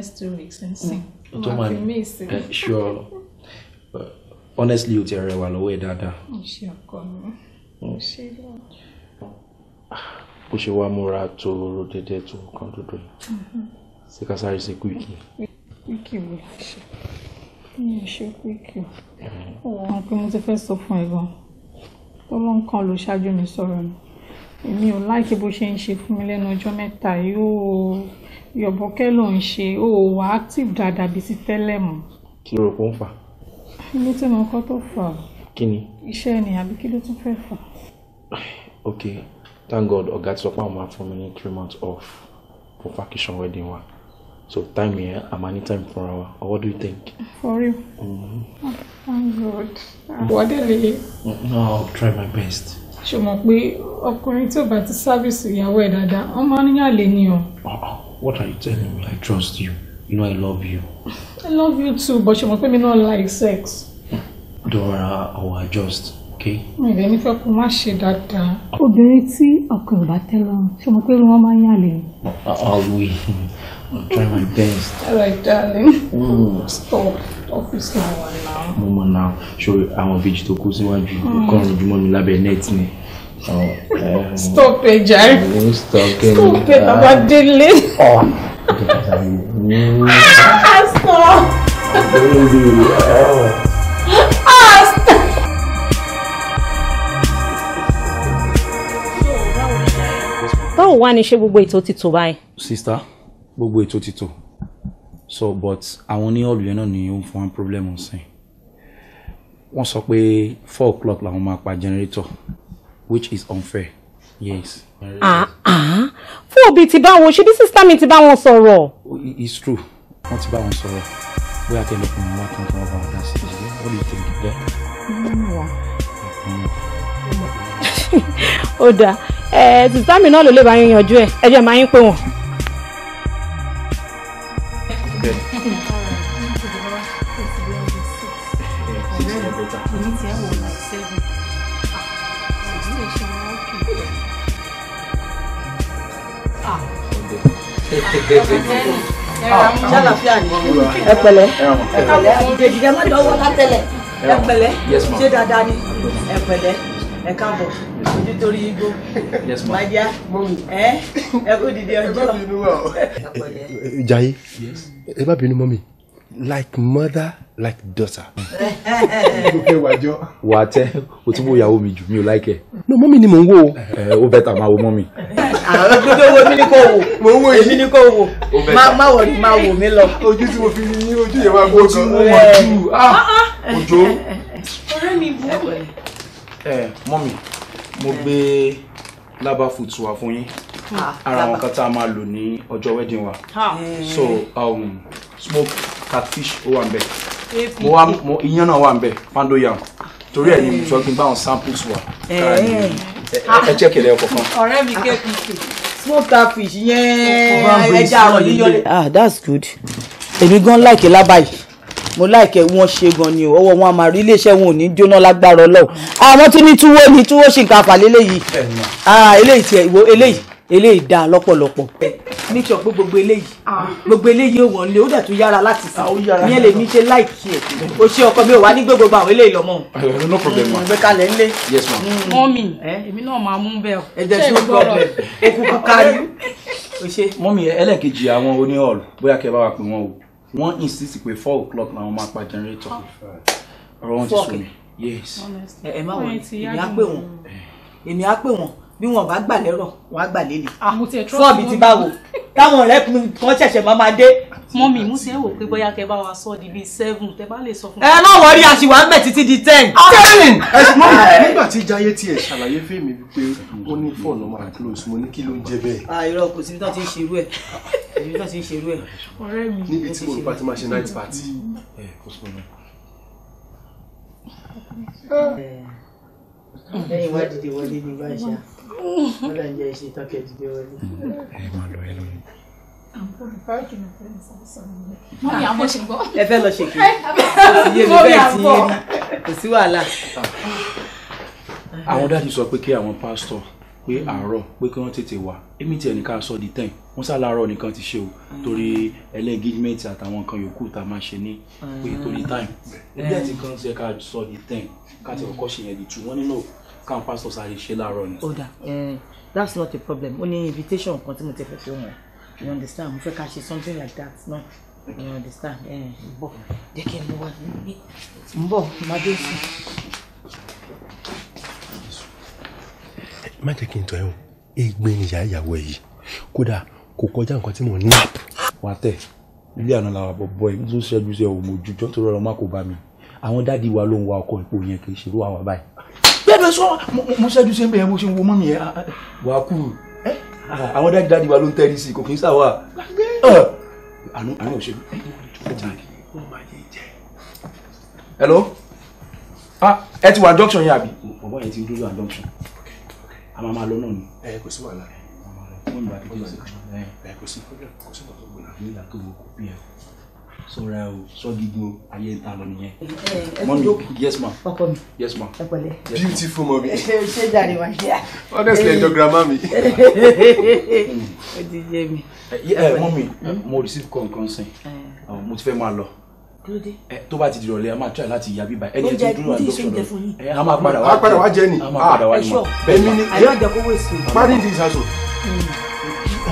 next two weeks and mm. see. Tó máa ní eh, sure but honestly o ti rẹwà lọ́wọ́ ẹ̀ dáadáa. Ṣé ọkọ mi? Mm. Ṣé lọ? Bó ṣe wá múra tó ro dédé tó kan dúdú yìí. Mm-hmm. Ṣé ká sáré ṣe kúìkì? quickie. wo la ṣe? Mi ò ṣe kúìkì. Mm. Wọ́n pé mo ti fẹ́ sọ fún ẹ you Tó ló ń kan lò ṣáájú mi sọ̀rọ̀ ni. Èmi ò láìkí bó ṣe ń ṣe fún mi lẹ́nu ọjọ́ mẹ́ta yóò yọ̀bọ̀kẹ́ ló ń ṣe o ò wá active dáadáa bíi ti tẹ́lẹ̀ mọ́. kí ló rò pé ó ń fà. ilé tí mo kọ́ tó fà o. kí ni. iṣẹ́ ni àbí kí ló tún fẹ́ fà. ok thank god ọ̀gá ti sọ pé àwọn máa fún mi ní three months off for vacation wedding wa so time yẹn àmà ní time for our or what do you think. for real. Mm -hmm. oh, thank god. àbọ̀dé lè. no i'll try my best. ṣùgbọ́n pé ọkùnrin tí ò bá ti sáfìsì ìyàwó ẹ̀ dáadáa ọmọ níyàn lè ní o. Uh-uh. What are you telling me? I trust you. You know I love you. I love you too, but you must make me not like sex. Dora, I will adjust, okay? Mi ìdẹ́ni fẹ́ kó má ṣe dáadáa. Obìnrin tí ọkọ ẹ̀ bá tẹ́ lọ́rùn, ṣé mo pé wọ́n máa ń yàn I'll try my best. All right, darling. Mm. Stop. Office now. Mama now. show Ṣé àwọn bíjì tó kó síwájú kọ́ ọ̀rùn jùmọ̀ mi lábẹ́ nẹ́ẹ̀tì me? Oh, stop it jare oh, stop it I'm ah. baba oh. Ah, stop. baby. Oh. báwo wá ní ṣe gbogbo ètò ti tò báyìí. sista gbogbo ètò ti tò so but àwọn ní ọ̀lù yẹn náà ni ó ń fún wa problem ọ̀sìn wọ́n sọ pé four o'clock làwọn máa pa generator which is unfair. yes. ah ah fún òbí ti bá wọn ṣe sister. sísá mi ti bá wọn sọ̀rọ̀. Oh, it's true wọn ti bá wọn sọ̀rọ̀ We are going to come wọn wá kí wọn fún wọn what do you think of that. ó dáa ẹ sísá mi náà ló lè bá yín yanjú ẹ ẹ jẹ́ máa yín pé ṣàlàfíà ni ẹ pẹ̀lẹ́ ìdèjì ẹ má dánwó látẹlẹ ẹ pẹ̀lẹ́ ṣé dáadáa ni ẹ pẹ̀lẹ́ ẹ káàbọ̀ ojú torí igbó máyá ẹ ẹ kó dìde ọjọ́. Jaiye ẹ bá bínú mọ́ mi like mother like daughter. Okay, Wajo. tẹ́ Oti mo wo ìyàwó mi jù mi ò láìkẹ́. no mommy ni mò ń wò ó. ẹ ó bẹ́tà máa wo mọ́mí. àwọn gbogbo wo mi ni kò wò mò ń wò èmi ni kò wò má wò ni má wò mí lọ. ojú tí mo fi ní ojú yẹn máa gbọ́ ojú wọn jù ojú. Ah, ah, ah. ọ̀rẹ́ mi bú. ẹ mọ́mí mo gbé lábá fùtù wá fún yín ara àwọn kan tá a máa lò ní wedding wa Ha. so um, smoke catfish o wà ń mo wá mo iyán náà wà ń pando yam torí ẹ ní sọ kí n samples wà ẹ jẹ́ kẹlẹ́ ọkọ̀ kan. ọ̀rẹ́ mi kpc small star fish yẹn ẹja àrọ̀ yíyọ. ah that's good èmi gan like la lábàáyé mo láìkẹ́ wọn ṣe gan ni o ọwọ́ wọn a máa rí iléeṣẹ́ wọn ò ní jóná lágbára ọlọ́run àwọn ah, tí ní túwó ní túwó ṣì ń ka àfàlẹ́ eléyìí ah, eléyìí tiẹ̀ ìwọ eléyìí eléyìí dáa lọ́pọ̀lọpọ̀. make sure pé gbogbo eléyìí gbogbo eléyìí ò wọ́n lé ó dẹ̀ tún yára láti sá ní ẹlẹ́ mi ṣe láìkí ẹ̀ o ṣe ọkọ mi ò wá ní gbé gbogbo àwọn eléyìí lọ́mọ. Eh, no problem mm, ma gbé kalẹ̀ ń lé. yes ma. mọ́mì eh? èmi náà máa mú bẹ́ẹ̀ o. ẹ̀jẹ̀ tí ó problem okùn kúkárí o ṣe. mọ́mì ẹlẹ́ẹ̀kejì àwọn oní ọ̀lù bóyá kẹ́ bá wa pè wọ́n o wọ́n insist pé four o'clock làwọn máa pa generator ọ̀rọ̀ wọn ti sùn mí yes. ẹ ẹ má wọ eh. èmi á pè wọn èmi á pè wọn bí wọn bá gbà lẹ́rọ̀ wọn á gbà lélẹ̀ ah, sọ́ọ̀bì ti bá wò táwọn ọ̀rẹ́ kan ṣẹ̀ṣẹ̀ máa máa dé. mọ́mì mú sí ẹ wò pé bóyá kẹ bá wa sọ di bíi seven tẹ bá lè sọ fún mi. ẹ má wọrí àṣìwà ń bẹ̀ títí di ten. Ah. ten. ẹ ṣùgbọ́n mi nígbà tí jayé tiẹ̀ ṣàlàyé fèmí pé ó ní fọ́ọ̀nù máa close mo ní kí ló ń jẹ bẹ́ẹ̀. a ah, irọ́ kò síbi tó ti ń ṣerú ẹ̀ síbi tó ti ń ṣerú ẹ̀. ọ̀rẹ́ mi níbi tí mo bá ti máa ṣe night party. lẹ́yìn wá dìde wọlé ní báyìí ṣáà wọ́n lè jẹ́ ìṣe tán kẹ́ẹ̀dì dé wọlé. ẹ máa lọ ẹ lọ ni. mọ́mí àwọn ṣe gbọ́. ẹ fẹ́ lọ ṣèké kò sí yé mi bẹ́ẹ̀ tí yé mi kò sí wàhálà. àwọn dáàdi sọ pé kí àwọn pásítọ̀ pé àárọ̀ pé kí wọ́n tètè wá èmi tiẹ̀ ní ká sọ di ten wọ́n ṣàlàrọ̀ nìkan ti ṣe o torí ẹlẹ́gídímẹ́ǹtì àtàwọn nǹkan yòókù tá a máa ṣe ní pé torí time mm. ẹgbẹ́ àti mm. kan ṣe ká sọ di ten ká ti kọ́kọ́ ṣe yẹn di two wọ́n nínú káwọn pásítọ̀ sáré ṣe láàárọ̀ ni. ó eh, that's not a problem ó ní invitation kan tí mo ti fẹ́ fi wọn you understand mo fẹ́ ká ṣe something like that no you understand eh, bọ̀ jẹ́ kí n mú wa n bọ̀ má dé sí. má jẹ́ kí n tọ́ ẹ̀ o ègbé ni ìyá ìyàwó ẹ̀ yìí kódà kò kọjá nǹkan tí mo ní. wà á tẹ̀ ilé àná làwọn àbọ̀bọ̀ ẹ̀ ló ṣẹ́jú sí ẹ̀ òmòjú jọ́ tó rọrùn má kó bá mi àwọn dáàdi wa ló ń wa ọkọ̀ ìpò yẹn kì í ṣerú àwa báyìí ẹgbẹ́ sọ mo ṣẹ́jú sí bẹ́ẹ̀ mo ṣe ń wo mọ́mì yẹn wà á kúrò ah, àwọn dájú dájú wa ló ń tẹ́rí sí kò kì í sàwà àánú àánú òṣèlú hello ah, ẹ ti wà junction yẹn àbí. bàbá yẹn ti dúró wà a máa máa lọ náà ni. ẹ kò sí wàhálà ẹ kò sí wàhálà ẹ kò sí wàhálà ẹ ẹ kò sí kò sí kò sí wàhálà ẹ kò sí kò sí ẹ sọra o sọ gidi o ayé ta lọ nìyẹn. Eh, eh, mọ́mí yes ma. ọkọ mi yes ma. ẹ pẹ̀lẹ́. beautiful mọ́mí. ṣé jàre wá ṣe à. honestly ẹjọ grandma mi. o ti jẹ mi. Eh, ẹ mọ́mí hmm? mo receive call nǹkan sìn oh, mo ti fẹ́ máa lọ tó bá ti di ìrọ̀lẹ́ a máa try láti yà bíbá ẹni tí dúró àti dókítà lọ a máa padà wá padà wá jẹ ni a máa padà wá ah, ni ma èmi ni ayé ọjà kó wéṣù. parí di ìsàsò.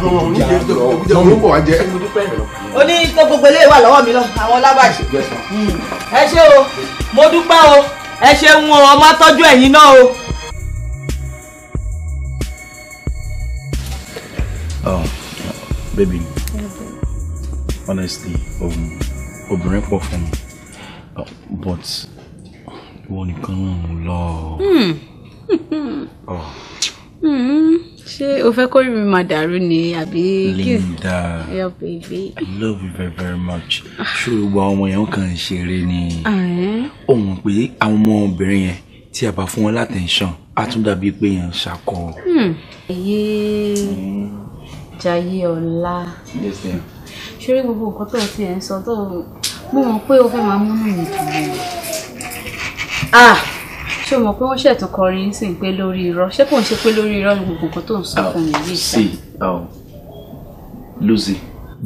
ọmọ mi ní ìdíje tó kọjá ló ń bọ̀ wá jẹ o ní gbogbo eléyìí wà lọ́wọ́ mi lọ àwọn lábàjì. Hmm. ẹ ṣé o mo dúpẹ́ o ẹ ṣeun o ọmọ tọ́jú ẹ̀yin náà o. Oh, baby, honestly, um, obìnrin pọ̀ fún mi, um, but ìwọ nìkan ló ń lọ ṣé o fẹ́ kórìí mi máa dàrú ni àbí kiss Linda your baby I love you very very much ṣé o gba ọmọ yẹn kàn ń ṣeré ni ohun ah, pé àwọn ọmọbìnrin yẹn tí a bá fún wọn látẹ̀ǹṣàn á tún dàbí pé yẹn ń ṣakọ. ẹyẹ hmm. jayé ọlá ṣeré gbogbo nǹkan tó ti ẹ̀ ń sọ tó mo mọ̀ pé o fẹ́ máa múnú mi dùn ṣé o mọ̀ pé wọ́n ṣètò kọrin ní sìn pé lórí irọ́ ṣé kò ń ṣe pé lórí irọ́ ni gbogbo nǹkan tó ń sọ fún mi yìí oh, sí oh, Lizzy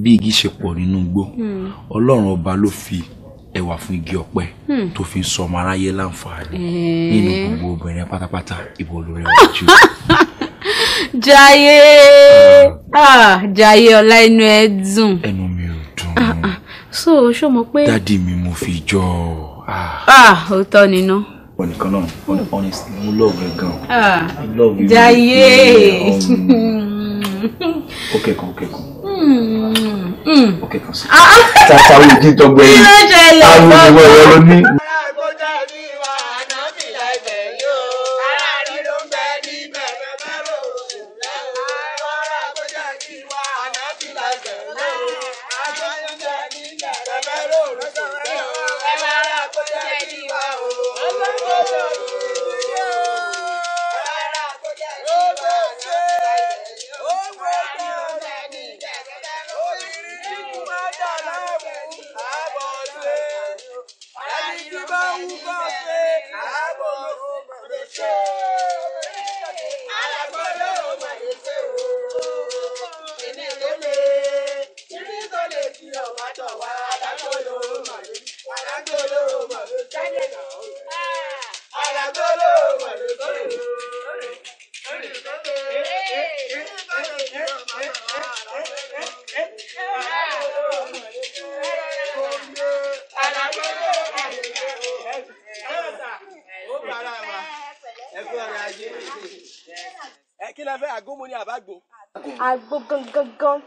bí igi ṣe pọ̀ nínú igbó hmm. ọlọ́run ọba ló fi ẹwà fún igi ọ̀pẹ hmm. tó fi ń sọ ọmọ aráyé láǹfààní eh. nínú gbogbo obìnrin pátápátá ìwọ lórí ọ̀rọ̀ jù. Jaiye Jaiye ọlá inú ẹ dùn. ẹnu mi ò dùn. Ah, ah. so ṣó mọ̀ pé. dádì mi mo fi jọ ọ. Ah. ó tọ́ nínú wọ nìkan náà honestly mo love ah, you. gan. jaiye hmm. Okay, kan okay. kan hmm, hmm. okay. kan sí. tata ojú dọgbẹ yìí àwọn ìwọ ẹ̀rọ ní.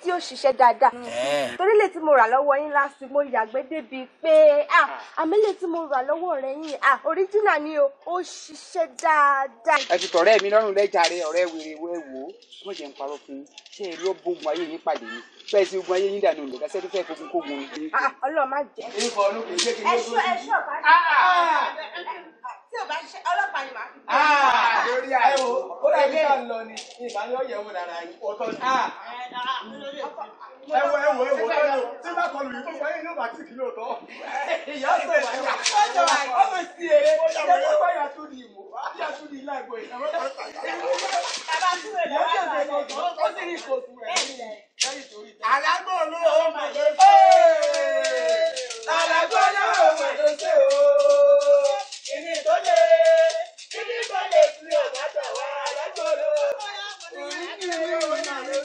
tí ó ṣiṣẹ́ dáadáa mm. eh. torí lè tí mo rà lọ́wọ́ yín last week mo yàgbé débi pé ah. àmẹ́lẹ̀ tí mo rà lọ́wọ́ rẹ̀ yín original ni o ó ṣiṣẹ́ dáadáa. ẹ ti tọ̀rẹ́ mi lọ́rùn lẹ́jàre ọ̀rẹ́ wèrè wẹ́ wò ó mo jẹ́ ń parọ́ fún un ṣé ẹ ló bógun ayé yín pàdé mi fẹ́ẹ́ sí ogun ayé yín dànù ìlẹ̀kẹ́ sẹ́tí fẹ́ẹ́ kókun kógun. ọlọ́ọ̀ má jẹ́ ẹ̀ṣọ́ ẹ̀ṣọ́ bá ṣe ah, ah. tí ò bá ṣe ọlọ́pàá ni màá ilé lọ ni ìbáyọ̀ yẹ̀wò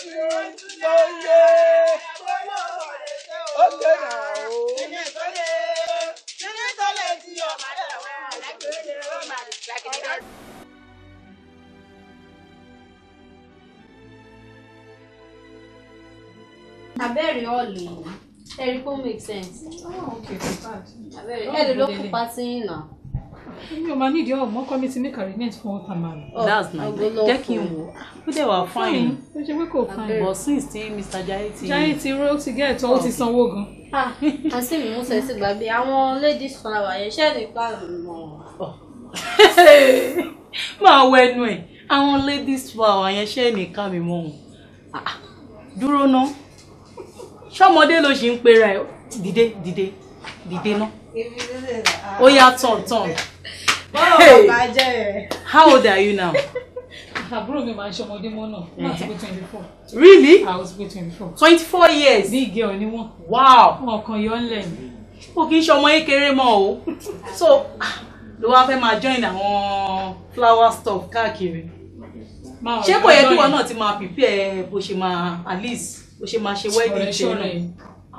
ti oyè ó lè nà abẹ́rẹ́ ọ̀lẹ̀ ẹ̀rí kó make sense. Oh, okay, abẹ́rẹ́ ẹ̀ ló kópa sí ìnà mi ò máa nídìí ọ̀hún mọ́kọ́ mi ti ní convenient fún water man. Oh, that's nice. thing jẹ́ kí n wò ó dẹ̀ wà fine. ó ṣe pé kò fine. but since ti Mr. Jaiye ti. Jaiye ti ró ti gẹ́ ẹ̀tọ́ ó ti sanwó gan. àǹtí mi mú sẹ́sì gbàgbé àwọn ladies flower yẹn ṣẹ́ ní pààlù mọ́. máa wọ ẹnu ẹ̀ àwọn ladies flower yẹn ṣẹ́ ní ká mi mọ́ òun. Ah, dúró ná ṣọmọdé ló ṣì ń pera ẹ dìde dìde dìde ná ó yá tọ̀ntọ̀n. Oh, báwo how old are you now. àbúrò mi máa ń ṣọmọdé mọ́ náà wọ́n ti pé eh. twenty four. really. i was pé twenty four. twenty four years. big girl ni wọ́n. wow. wọn kàn yọ ńlẹ̀ ni. o kì í ṣe ọmọ kékeré mọ́ o so ah, ló wá fẹ́ máa join àwọn flower stuff káàkiri ṣé kò yẹ kí wọn náà ti máa prepare bó ṣe máa at least bó ṣe máa ṣe wedding tẹ̀lé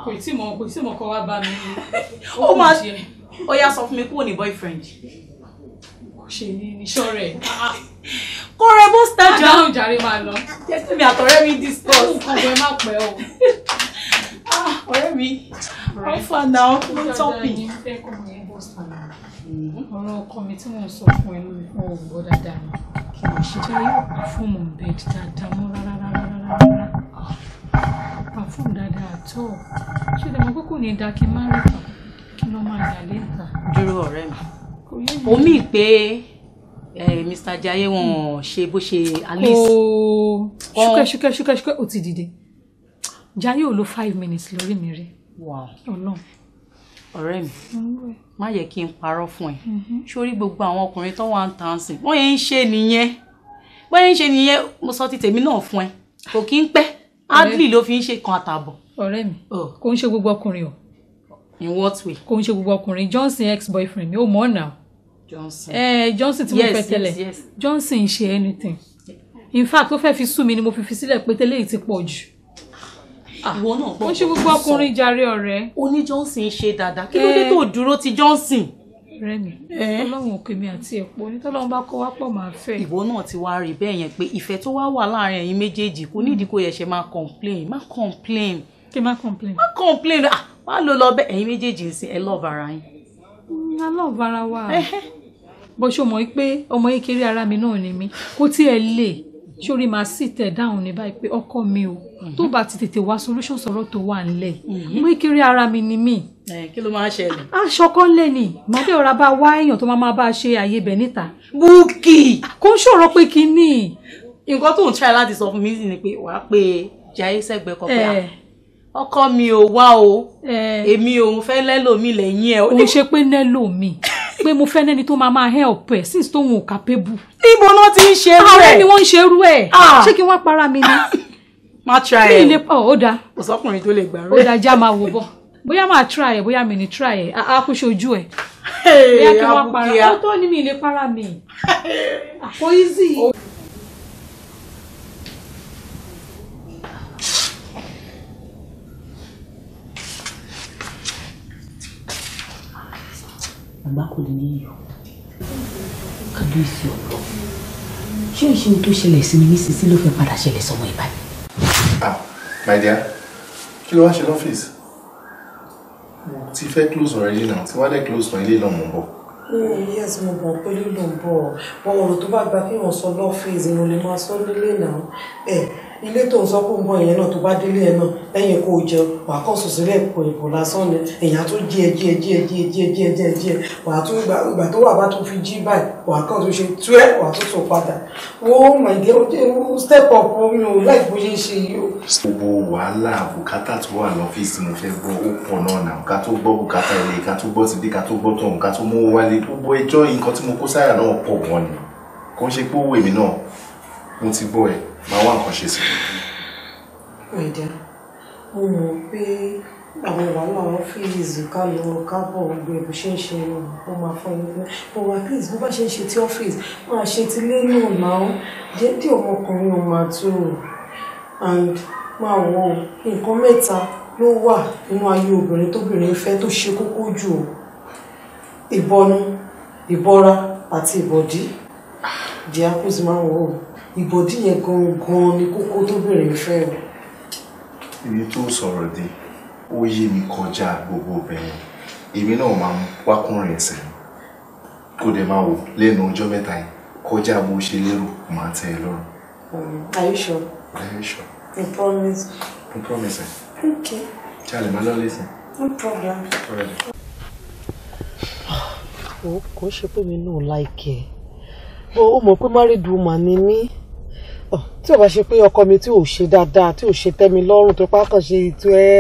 kò tí mọ̀ kò tí mọ̀ kọ́ wá bá mi. ó máa ó yá sọ fún mi kúrò ní boyfriend ṣe ní níṣọ́ rẹ̀ ah, kó rẹ bó stajà. àdáhùn jàre máa lọ. jẹ́sí mi àtọ̀rẹ́ mi discuss. kò jẹ́ má pẹ́ o. Ah, ọ̀rẹ́ mi ọ̀fà náà ló tọ́pì. Mm-hmm. ọ̀rọ̀ ọkọ mi tí wọ́n sọ fún ẹ lórí fún ọ̀gbọ́ dáadáa ni kì í ṣe torí àfọ̀mù bẹ́ẹ̀ dáadáa mọ́ rárá rárá rárá perfume dáadáa tó ṣé ìdààmú kókò ní dákí má rí kí ló máa yà lẹ́ta. dúró ọ̀rẹ́ mi ó pe, eh Mr. Jaye wọn ṣe bó ṣe alice. ṣúkẹ́ ṣúkẹ́ ṣúkẹ́ ṣúkẹ́ ó ti dìde Jaye ò lo five minutes lórí mi rí. ọlọ́run ọ̀rẹ́ mi má yẹ kí n parọ́ fún ẹ mm-hmm. sórí gbogbo àwọn ọkùnrin tó wà ń tàn sí wọ́n yẹn ń ṣe nìyẹn wọ́n yẹn ń ṣe nìyẹn mo sọ ti tèmi náà fún ẹ kò kí ń pẹ́ adley ló fi ń ṣe kan àtààbọ̀. ọ̀rẹ́ mi oh. kò ń ṣe gbogbo ọkùnrin o. in what way. kò ń ṣe gbogbo ọkùnrin Johnson ex boyfriend mi ò mọ̀ ọ́nà Johnson eh, Johnson tí mo fẹ́ tẹ́lẹ̀ Johnson ń ṣe anything in fact ó fẹ́ fi sú mi ni mo fi fi sílẹ̀ pé tẹ́lẹ̀ yìí ti pọ̀ jù ah, ìwọ náà gbọ́dọ̀ sọ ó ṣe gbogbo ọkùnrin jàre ọ̀rẹ́. ó ní Johnson ṣe dáadáa kí ló dé tó eh. dúró ti Johnson. Rẹ̀mí eh. Ọlọ́run òkè mi àti ẹ̀pọ̀ ní tọ́lọ́run bá kọ́ wá pọ̀ máa fẹ́. ìwọ náà ti wá rí bẹ́ẹ̀ yẹn pé ìfẹ́ tó wá wà láàrin ẹ̀yin méjèèjì kò nídìí kó yẹ ṣe máa complain má complain. kí má complain. má complain ah má lọ lọ bẹ́ẹ̀ ẹ̀yin méjèèjì ń sin ẹ love ara yín. a mm, love ara wa. Eh, bó ṣe mọ̀ pé ọmọ yìí kéré ara mi náà ni mí kó tí ẹ lè sórí máa sì tẹ̀ dáhùn ní báyìí pé ọkọ mi o mhm. tó bá ti tètè wá solution sọ̀rọ̀ tó wà nílẹ̀ mhm. ọmọ yìí kéré ara mi ni mí. kí ló máa ń ṣẹlẹ̀. aṣọkọ lè ní màdé ọ̀rá bá wá èèyàn tó máa máa bá a ṣe àyè ibẹ̀ níta. Bukky. kò ń ṣòro pé kínní. nǹkan tó ń try láti sọ fún mi ni pé wàá pé jayé sẹ́gbẹ̀ẹ́ kọ́pẹ́ ọkọ mi ò wá o eh. èmi ò fẹ́ lẹ́lòmí lẹ́yìn ẹ̀. òun ṣe pé lẹ́lòmí pé mo fẹ́ nẹ́ni tó máa máa help ẹ̀ since tóun ò capable. níbo ló ti ń ṣerú ẹ̀ àwọn ni wọ́n ń ṣerú ẹ̀ ah. ṣé kí wọ́n para mi ni. má try ẹ mi lè ọ ó dáa. kò tó lè gbà rẹ. ó dáa já máa wò bọ bóyá máa try ẹ bóyá mi ní try ẹ a kú ṣojú ẹ. bóyá kí wọ́n para ó tó ní mi lè para mi. àpò easy. Oh. ìgbákùnrin níyọ kábíyèsí ọ̀rọ̀ ṣé ìṣòro tó ṣẹlẹ̀ sí mi nísinsìnyí ló fẹ́ padà ṣẹlẹ̀ sọmọ ìbàdí. ah my dear kí ló wá ṣe lọ́fíìsì mo ti fẹ́ close already now tí wàá dẹ̀ close náà ilé náà mò oh, yes mo mọ̀ pé lílo ń bọ̀ wọn ọ̀rọ̀ tó bá gba kí wọ́n sọ lọ́fíìsì ni mo lè máa sọ nílé náà ilé tó ń sọ pé ń bọ náà tó bá délé ẹ náà lẹ́yìn kó o wà á kọ sùn sílẹ̀ ìpò lásán ni èèyàn tó jí ẹ jí ẹ jí ẹ jí ẹ jí ẹ jí ẹ jí ẹ jí ẹ wà á tún ìgbà tó wà bá tún fi jí báyìí wà á kàn tó ṣe tú ẹ wà á tún sùn padà wo oh my girl step up omi o láì bó ṣe ṣe yìí o. gbogbo wàhálà bùkátà tó wà lọ́fíìsì mo fẹ́ gbọ́ ó pọ̀ náà nà ká tó gbọ́ bùkátà mo ti gbọ́ ẹ máa wá nǹkan ṣe sí i. ẹ̀dá mo mọ̀ pé àwọn wàhálà ọ́fíìsì ká lọ kábọ̀ gbogbo ẹ̀bù ṣe ń ṣe wọn máa fọ ẹni pé mo wà please bó bá ṣe ń ṣe ti ọ́fíìsì máa ṣe ti lé náà náà dédé ọmọkùnrin ò máa tó o and máa wọ nǹkan mẹ́ta ló wà nínú ayé obìnrin tóbìnrin fẹ́ tó ṣe kókó jù o ìbọnu ìbọra àti ìbọ̀dí jẹ́ àkóso máa wọ̀ ọ́ ìbọ̀dí yẹn gangan ni kókó tó bèrè ìfẹ́ o. ibi tó sọ̀rọ̀ dé ó yé mi kọjá gbogbo obìnrin èmi náà máa ń wákùnrin ẹ̀sẹ̀ kó dẹ̀ máa wò lẹ́nu ọjọ́ mẹ́ta yìí kọjá bó ṣe lérò máa tẹ́ ẹ lọ́rùn. Hmm, are you sure? Are you sure? I promise. I promise. Okay. Charlie, my love, listen. No problem. All right. Ah, kò ṣe pé mi náà láìkẹ́ ó mọ̀ pé married woman ni mí. Ah, tí o bá ṣe pé ọkọ mi tí ò ṣe dáadáa tí ò ṣe tẹ́ mi lọ́rùn tó pàápàá ṣe ètò ẹ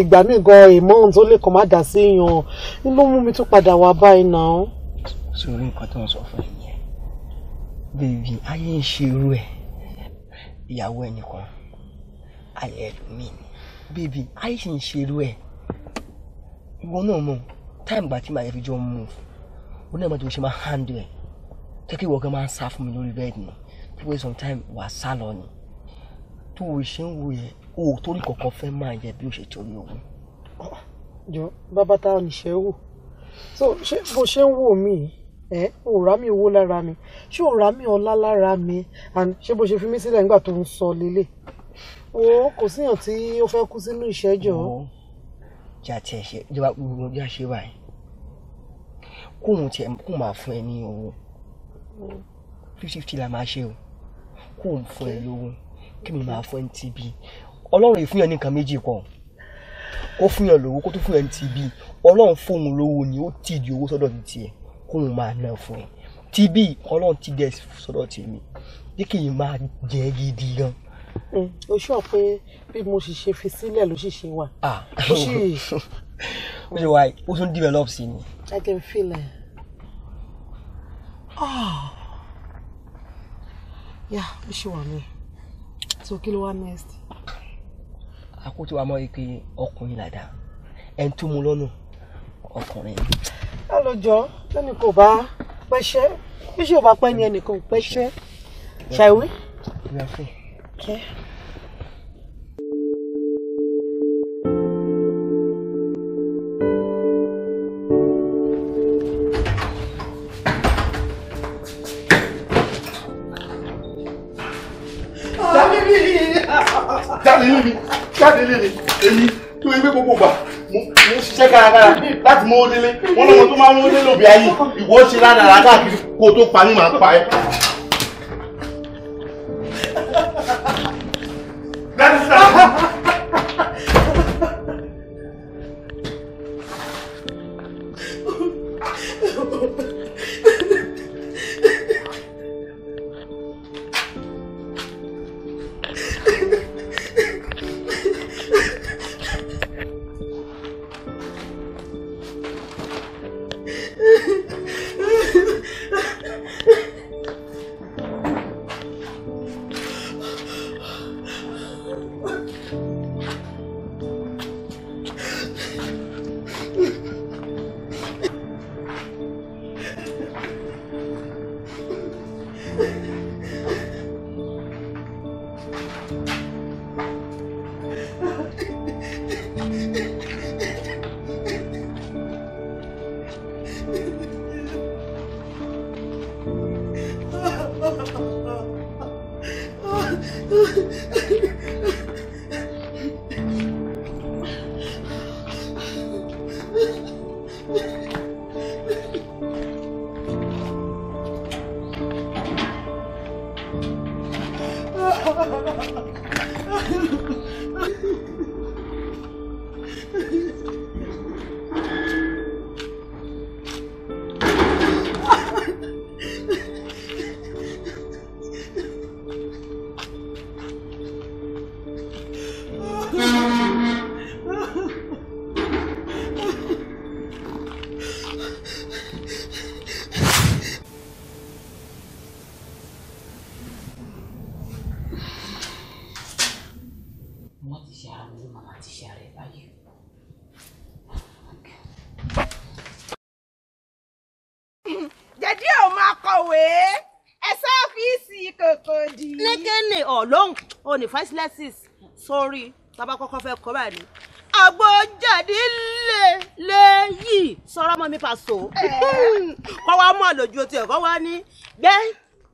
ìgbà mi gan èmọ́hùn tó lè kàn má dà sí yàn ni ló mú mi tún padà wá báyìí náà. sórí nǹkan tó ń sọ fún mi bèbí ayé ń ṣe irú ẹ ìyàwó ẹnìkan ayé ẹlòmíì bèbí ayé sì ń ṣe irú ẹ ìwọ náà mọ táìmù gbà tí màá fi jọ mú un ó náà mọ tó ṣe máa hàndù ẹ kẹkẹ ìwọ gan máa ń sá fún mi lórí bẹ́ẹ̀dì náà wey sometimes wà sá lọ ni tó o ṣe ń wo yẹ o ò torí kankan fẹ́ máa yẹ bí o ṣe torí ogun. jọ bàbá tá a nìṣẹ́ wò so ṣé bó ṣe ń wò mí ẹ ò rá mi owó lára mi ṣé ò rá mi ọlá lára mi and ṣé bó ṣe fi mí sílẹ̀ nígbà tó ń sọ lélẹ̀ o kò síyàn tí ó fẹ́ kú sínú ìṣẹ́jọ́. jẹ́ àti ẹ̀ṣẹ̀ ìjọba gbogbo bí a ṣe wà yìí kóun tiẹ̀ kó máa fún ẹ ní owó mm. fifty fifty la máa ṣe o kó ń fún ẹ lówó kí mi máa fún ẹ ní tb ọlọ́run ìfún yẹn nìkan méjì pọ̀ kó fún yẹn lówó kó tó fún yẹn ní tb ọlọ́run fóun lówó ni ó tì di owó sọ́dọ̀ ti tiẹ̀ kóun máa ná fún ẹ tb ọlọ́run ti dẹ̀ sọ́dọ̀ tèmi jẹ́ kí n máa jẹ gidi gan mm. o sọ pé bí mo sì ṣe fi sílẹ̀ ló sì ṣe wà. ó sì ó sì wà ó tún develop sí ni. i can feel it. Oh yá ó ṣì wà mí so kí ló wá next. àkótó wa mọ̀ pé ọkùnrin làdá ẹni tó mu lọ́nà ọkùnrin. ẹ lọ jọ lẹ́nu kò bá pẹ́ṣẹ́ bí ṣe ò bá pẹ́ ni ẹnìkan ò pẹ́ṣẹ́ ṣàìwé. Okay. léèrè èmi tí wọ́n gbé gbogbo gbà mo ṣiṣẹ́ kárakára láti mọ́ ó délé wọ́n lọ́mọ tó máa mọ́ ó délé òbí ayé ìwọ ṣe ládàá káàkiri kó o tó pa ní màá pa ẹ́. 哈哈哈哈哈哈 ní fertilizers sórí tábà kọ́kọ́ fẹ́ kọ́ báyìí àgbo jáde lè lè yìí sọ̀rọ̀ ọmọ mi pàṣọ eh. kọ́ wa mọ̀ lójú otí ẹ̀ wa ní gbẹ́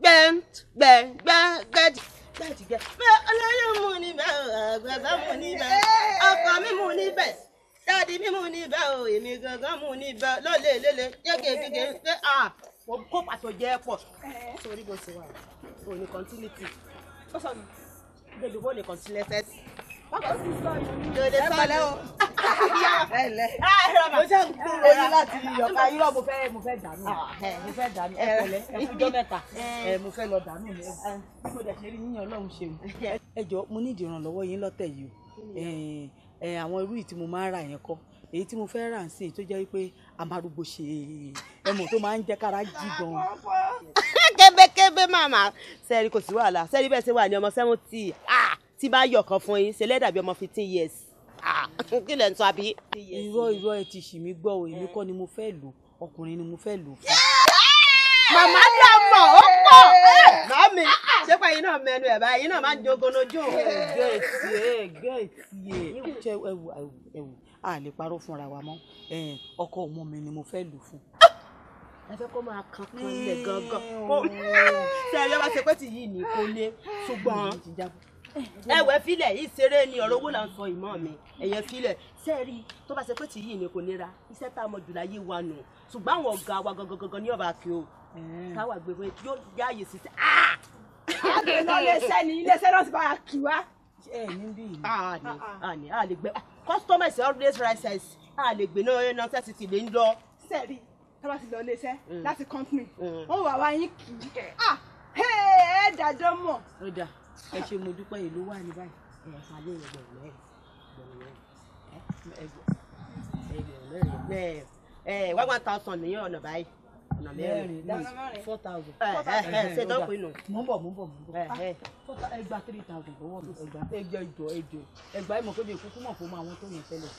gbẹ́ gbẹ́ gbẹ́ gbẹ́ gbẹ́ bẹ́ẹ̀ ọlọ́yẹ̀ mú ní bẹ́ẹ̀ àgbàgbà mú ní eh. ọkọ mi mú ní bẹ́ẹ̀ dáàdi mímú ní bẹ́ẹ̀ o èmi gangan mú ní bẹ́ẹ̀ lólè lélẹ̀ yẹ́gẹ́ gẹ́gẹ́ pé à kó pàtó jẹ́ pọ̀ eh. sórí bó ṣe wà òní continuity gbèdú fóònù kan sílẹ̀ sẹ́sì. ọkọ sì sọ ìlú ẹ o ẹ lẹ mo jẹ nkúrò yín láti yọkà yín mo fẹ́ mo fẹ́ dànù ah, mo fẹ́ dànù ẹ pẹ̀lẹ́ ẹ fújọ mo fẹ́ lọ dànù mi mo dẹ̀ ṣe rí yíyan Ọlọ́run ṣeun. ẹ jọ mo ní ìdìrànlọ́wọ́ yín lọ́tẹ̀ yìí o àwọn irú yìí tí mo máa ń rà yẹn kọ́ èyí tí mo fẹ́ rà ń sìn tó jẹ́ wípé amárúgbó ṣe ẹmọ tó máa ń jẹ́ kára jí gan. kébékébé màmá sẹ́ẹ̀rì kò sí wàhálà sẹ́ẹ̀rì bẹ́ẹ̀ ṣe wà ní ọmọ sẹ́wọ́ntì tí bá yọ̀ kan fún yín ṣe lẹ́dàbí ọmọ fifteen years kí lẹ̀ sọ àbí. irọ́ irọ́ ẹ ti ṣì mí gbọ́ o èmi kọ́ ni mo fẹ́ lò ọkùnrin ni mo fẹ́ lò fún. màmá dà mọ̀ ó pọ̀. màmí ṣé pé ẹ̀yin náà mẹ́nu ẹ̀ báyìí ẹ̀yin náà máa ń jogonojo. gẹ̀ẹ́tì ẹ̀ gẹ̀ẹ́tì ẹ̀ ẹ̀wù ẹ̀wù a lè parọ́ fúnra wa mọ́ ọkọ ọmọ mi ni mo fẹ́ lù fún. ẹ fẹ́ kó máa kan kan lẹ̀ gangan ṣe ẹ̀yọ́ bá ṣe pé ti yìí ní kò lé ṣùgbọ́n ẹwẹ filẹ yìí ṣeré ni ọ̀rọ̀ owó là ń sọ ìmọ̀ mi ẹyẹ filẹ sẹẹri tó bá ṣe pé ti yìí ní kò nira iṣẹ́ tá a mọ̀ jùlọ ayé wa nù ṣùgbọ́n àwọn ọ̀gá wa gangan ní ọba kí o táwa gbé fún yóò yáàyè sí ah! Ah! àgbẹ̀ náà lè sẹ́ni iléeṣẹ́ náà ti bá a kì wá. ẹ ní bí yìí. Ah, a lè gbẹ customers always rises a lè gbé náà náà sẹ́sì ti lè ń lọ. sẹ́ẹ̀rì tábà ti lọ iléeṣẹ́ mm. láti company mm. wọ́n wà wá yín kì í kẹ́ ah ẹ dájọ́ mọ̀. ó dà ẹ ṣe mo dúpẹ́ yìí ló wà ní báyìí ẹ̀ máa lé ẹgbẹ̀rún mẹ́rin ẹgbẹ̀rún mẹ́rin ẹgbẹ̀rún mẹ́rin ẹ̀ wá one thousand nìyẹn ọ̀nà báyìí ọ̀nà mẹ́rin four thousand. ẹ ẹ ẹ ṣe dọ́kù inú. mò ń bọ̀ mò ń bọ̀ mò ń bọ̀ eh, eh. ẹgbà three thousand lọ́wọ́ mi ẹgbà ẹjọ ìjọ ẹjọ ẹgbà ìmọ̀ kébi ìkúkú mọ̀ fún àwọn tó yẹn tẹ́lẹ̀.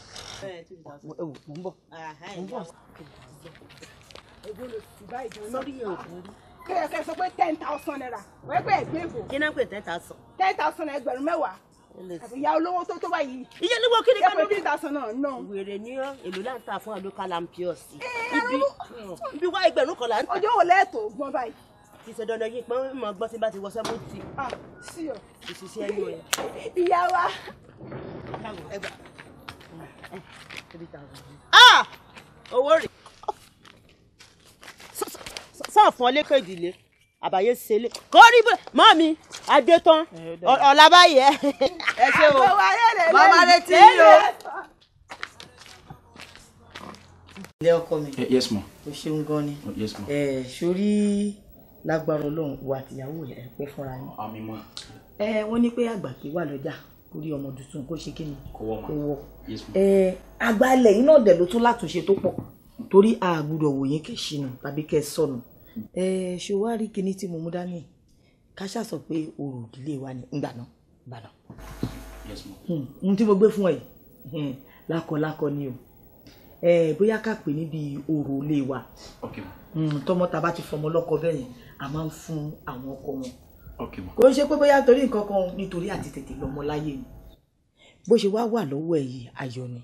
mò eh, ń bọ̀ mò ń bọ̀. lórí yẹn ò kún rí kẹ̀kẹ́ sọ pé ten thousand naira wọ́n pẹ́ ẹgbẹ́ ìbò. kí náà pè ten thousand. ten thousand ẹgbẹ̀rún mẹ́wàá ìyá olówó tó tó báyìí. iye níwọ kí ni ká lóbi. ẹ pé náà náà. wèrè ni ọ èlò là ń ta fún àdó kalampios. Eh, ibi hmm, ibi wá ẹgbẹ̀rún kan là ń ta. ọjọ́ wo lẹ́ẹ̀tọ́ gbọ́n báyìí. ti ṣe yìí pé mo gbọ́ tí bá ti wọ sẹ́mú ti. Ah, sí o. ìṣiṣẹ́ ẹni o ìyá wa. Ah! owó rè. sọ fún ọ lẹ́kọ̀ọ́ ìdílé àbáyé sele kórì bú mọ́ mi adé tán ọ̀la báyìí ẹ. ẹ ṣe o màmá retí yìí o. ilé ọkọ mi yes ma o ṣeun gan ni oh, yes ma ẹ sórí lágbára Ọlọ́run wa àtìyàwó ẹ pẹ́ fúnra yín. àmì mọ. ẹ wọ́n ní pé àgbà kì í wà lọ́jà orí ọmọ tuntun kó ṣe kíni kó wọ àgbà ilẹ̀ yìí náà dẹ̀ ló tún látúnṣe tó pọ̀ torí a gbọ́dọ̀ wò yín kẹ́ ṣìnà tàbí kẹ́ sọnù ẹ ṣe wá rí kinní tí mo mú dání ká ṣàṣọ pé òrò ìdílé wa ni ń gbà náà yes ma. Hmm, ohun tí mo gbé fún ẹ yìí hmm, lákọlákọ ni o bóyá ká pè níbi òrò ilé wa hmm, tọmọ tá a bá ti fọmọ lọ́kọ bẹ́ẹ̀ yẹn a máa ń fún àwọn ọkọ wọn kò ń ṣe pé bóyá torí nǹkan kan nítorí àti tètè lọ́mọ láyé ni bó ṣe wá wà lọ́wọ́ ẹ̀ ayọ̀ ni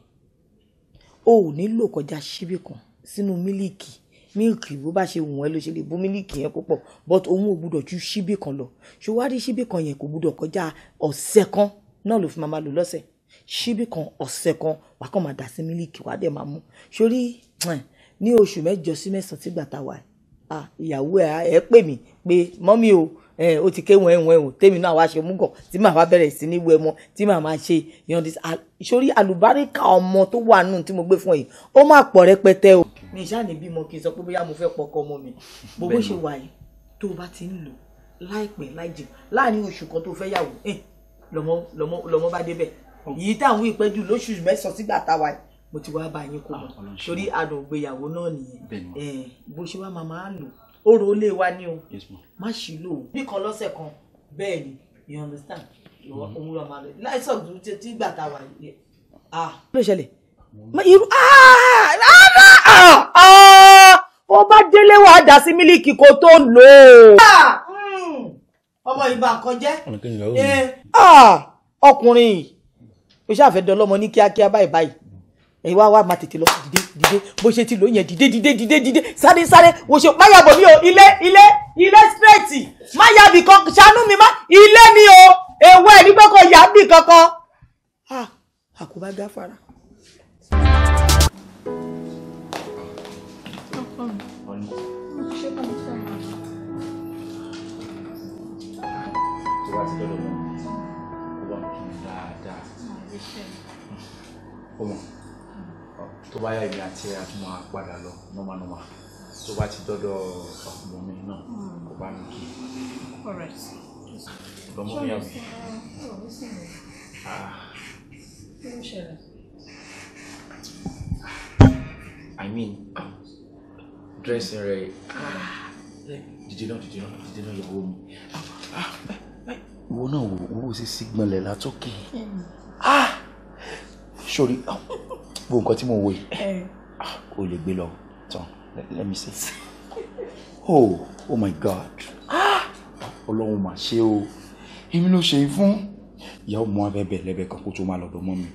o ò nílò kọjá síbì kan sínú mílíìkì mílìkì bó bá ṣe wù wọ́n ló ṣe lè bó mílìkì yẹn púpọ̀ but òun ò gbúdọ̀ ju ṣíbí kan lọ ṣòwárí ṣíbí kan yẹn kò gbúdọ̀ kọjá ọ̀sẹ̀ kan náà ló fi máa máa lò lọ́sẹ̀ ṣíbí kan ọ̀sẹ̀ kan wà kàn máa dà sí mílìkì wà á dẹ̀ máa mú sórí ní oṣù mẹ́jọ sí mẹ́sàn-án tígbà tá wà ìyàwó ẹ pè mí pé mọ́mí o ó ti ké wọ́n ẹ̀wọ̀n ẹ̀wọ̀n tèmi náà wá ṣe mú gàn tí màá wá bẹ̀rẹ̀ sí ní wẹ̀ mọ́ tí màá máa ṣe yan dis sórí àlùbáríkà ọmọ tó wà nù tí mo gbé fún ẹ yìí ó máa pọ̀ rẹpẹtẹ o mi ìṣáà ní bímọ kì í sọ pé bóyá mo fẹ́ pọkọ ọmọ mi bó bó ṣe wà yìí tó o bá ti ń lò láìpẹ́ láìjìn láàrin oṣù kan tó fẹ́ yàwó eh, lọ́mọ lọ́mọ lọ́mọ bá débẹ̀ yìí táwọn ìpẹ́jù lóṣù mẹ́sàn-án sígbà táwa yìí mo ti wá bá yín kó ah, mọ torí adùn ògbéyàwó náà nìyẹn eh, bó ṣe wá máa máa lò ó rò ó wa ni o má ṣì lò ó bí kan lọ́sẹ̀ kan bẹ́ẹ̀ ni you understand mm-hmm. òun lọ́ọ́ máa lọ láìsàn tó ti ti gbà táwa yìí. Ah. kí ló ṣẹlẹ̀ irú rárá. Ah, ba tó bá délé wàá dà sí mílíkì kó tó lò ó. Ah! Hmm. ọmọ ìbá kan jẹ́. Eh, ah! ọkùnrin yìí o ṣàfẹ́ dọlọ́mọ ní kíákíá báyìí báyìí ẹ wá wá máa tètè lọ dìde dìde bó ṣe ti lò yẹn dìde dìde dìde dìde sáré sáré wo ṣe má yàbọ̀ mi o ilé ilé ilé straight má yàbì kan ṣàánú mi má ilé mi o èwo ẹ̀ nígbà kan yàbì kankan ah! àkóbá gáfara. ó mọ̀ tó bá yá èmi àti ẹ àti máa padà lọ nọ́mà nọ́mà tó bá ti dọ́dọ̀ ọkùnrin mi náà kò bá mi kí. lọ́mọ mi àbí. I mean dressing rẹ dìde náà dìde náà dìde náà ìyàwó mi wo náà wo wo ṣe sígbọnlẹ̀ látọ́kẹ́ mm. ah sórí ah, gbogbo nǹkan tí mo wo yìí eh. ah, o lè gbé lọ tán let me see oh oh my god ah! ọlọ́run mà ṣe o èmi ló ṣe é fún ìyá ọmọ abẹ́bẹ̀ lẹ́bẹ̀ kan kó tó máa lọ́dọ̀ mọ́ mi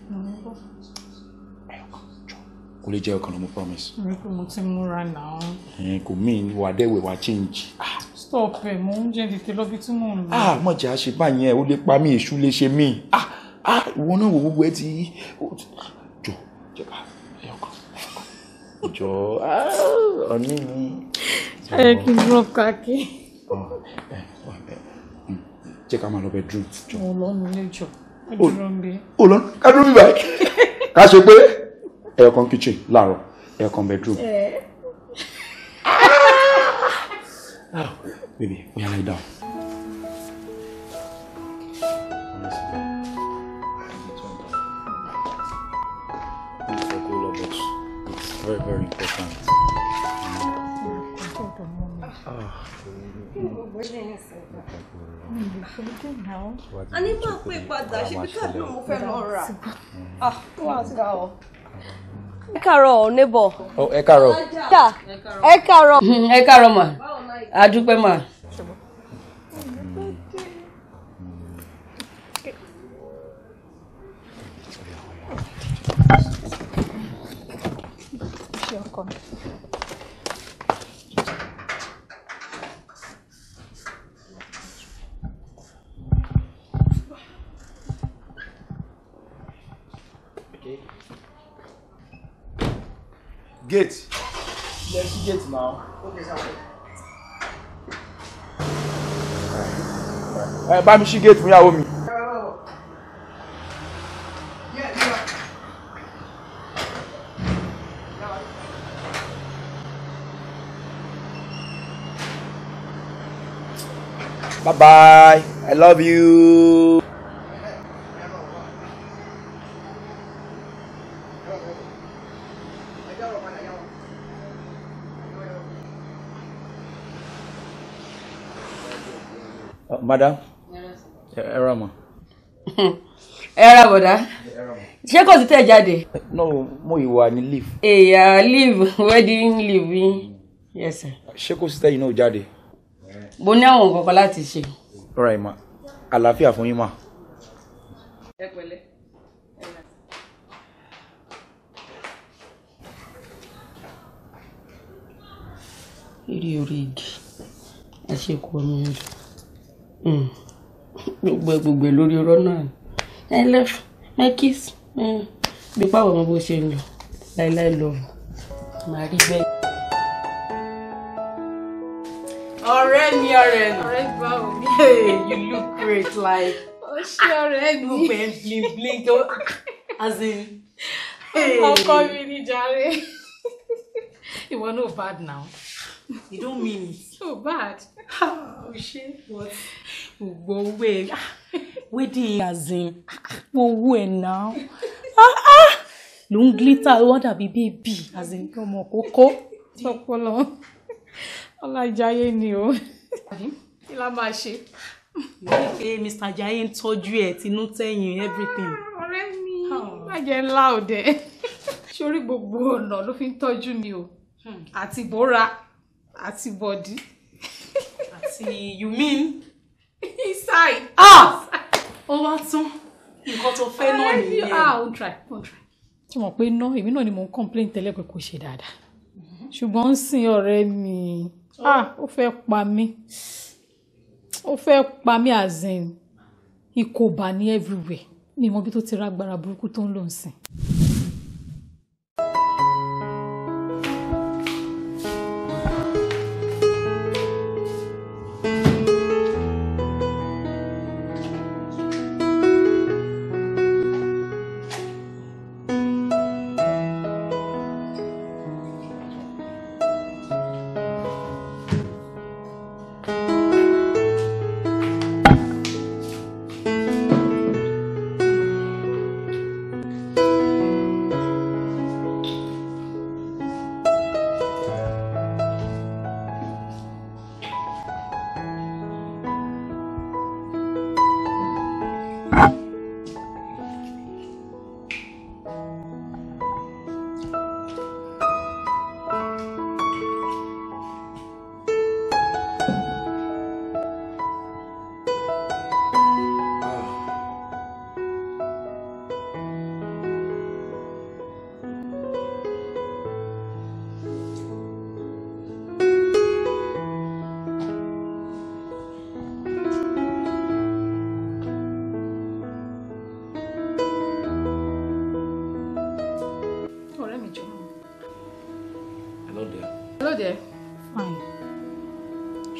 kò lè jẹ́ ọkàn ló mú promise. mi pé mo ti múra náà. Eh, kò mí wà dẹ́wẹ̀ wà change. stop ẹ mo ń jẹ tètè lọ́bí tí mò ń lọ. ah mọ̀jà ṣe báyẹn ó lè pa mí èṣù lè ṣe mí. ah ah ìwọ náà wò gbogbo ẹ ti jọ jẹba ẹyọkan jọ ah, ah, ọ̀ní mi. ẹ kì í drop kaki. jẹ́ ká máa lọ bedroom. mo lọ nu ilé jọ ẹdúró ń bẹ. o lọ ká dúró mi báyìí ká ṣe pé ẹyọkan kitchen láàárọ̀ ẹyọkan bedroom. Ah, baby we are lie down. very, very important. a ní máa pè padà ṣebí káàdì mo fẹ́ lọ rà ah wà á ga ọ. ẹ káàárọ̀ neighbor. Oh, ẹ káàárọ̀. ẹ káàárọ̀. ẹ káàárọ̀ mà a mà. Дякую. Gate. Let's see gate now. Okay, sir. Ẹ bá mi ṣí gate fún ìyàwó mi. Bye bye. I love you. Uh, madam ẹ ra mọ. ẹ ra bọ̀dá ṣé kò sí tẹ̀ jáde. no mo ìwà ni leave. èèyàn leave wedding leave yes sir. ṣé kò sí tẹ̀ yìí náà jáde mo ní àwọn nǹkan kan láti ṣe. rọra ìmọ̀ àlàáfíà fún yín mà. ẹ pẹ̀lẹ́. rí orí igi àṣekù omi rẹ hmm. gbogbo gbogbo lórí ọ̀rọ̀ náà ẹ lẹfù ẹ kiss hmm. bí pàwọn ọmọ bó ṣe ń lọ láéláé lọ màá rí bẹ́ẹ̀. ọ̀rẹ́ mi ọ̀rẹ́ mi. ọ̀rẹ́ mi báwo you look great like. ó ṣe ọ̀rẹ́ mi. mo pè é bling bling as in. ọkọ mi ni jàre. ìwọ no bad now. you don't mean it. so bad. Ah, o ṣe what. gbogbo owó ẹ wedding as in owó ẹ now ah, ah. ló ń glitter wọ́n dàbí bébì as in kí ọmọ kókó. ọpọlọ ọlájayé ni o kí la máa ṣe. mo ní pé Mr. Jayé ń tọ́jú ẹ̀ tinú tẹ̀yìn everything. Ah, ọ̀rẹ́ mi ah. bàjẹ́ ńlá òde sórí gbogbo ọ̀nà ló fi ń tọ́jú mi o hmm. àti bóra àti bọ̀dí. àti you mean. inside. ah ó wá tán nǹkan tó fẹ́ náà nìyẹn. ah ó try ó try. ṣé mo pé ná èmi náà ni mò ń complain tẹ́lẹ̀ pé kò ṣe dáadáa mm-hmm. ṣùgbọ́n ń sìn ọ̀rẹ́ mi. Ah! Ó fẹ́ pa mí. Ó fẹ́ pa mí as in. ní everywhere. Mi ò mọ ibi tó ti ra agbára burúkú tó ń lò ń sìn.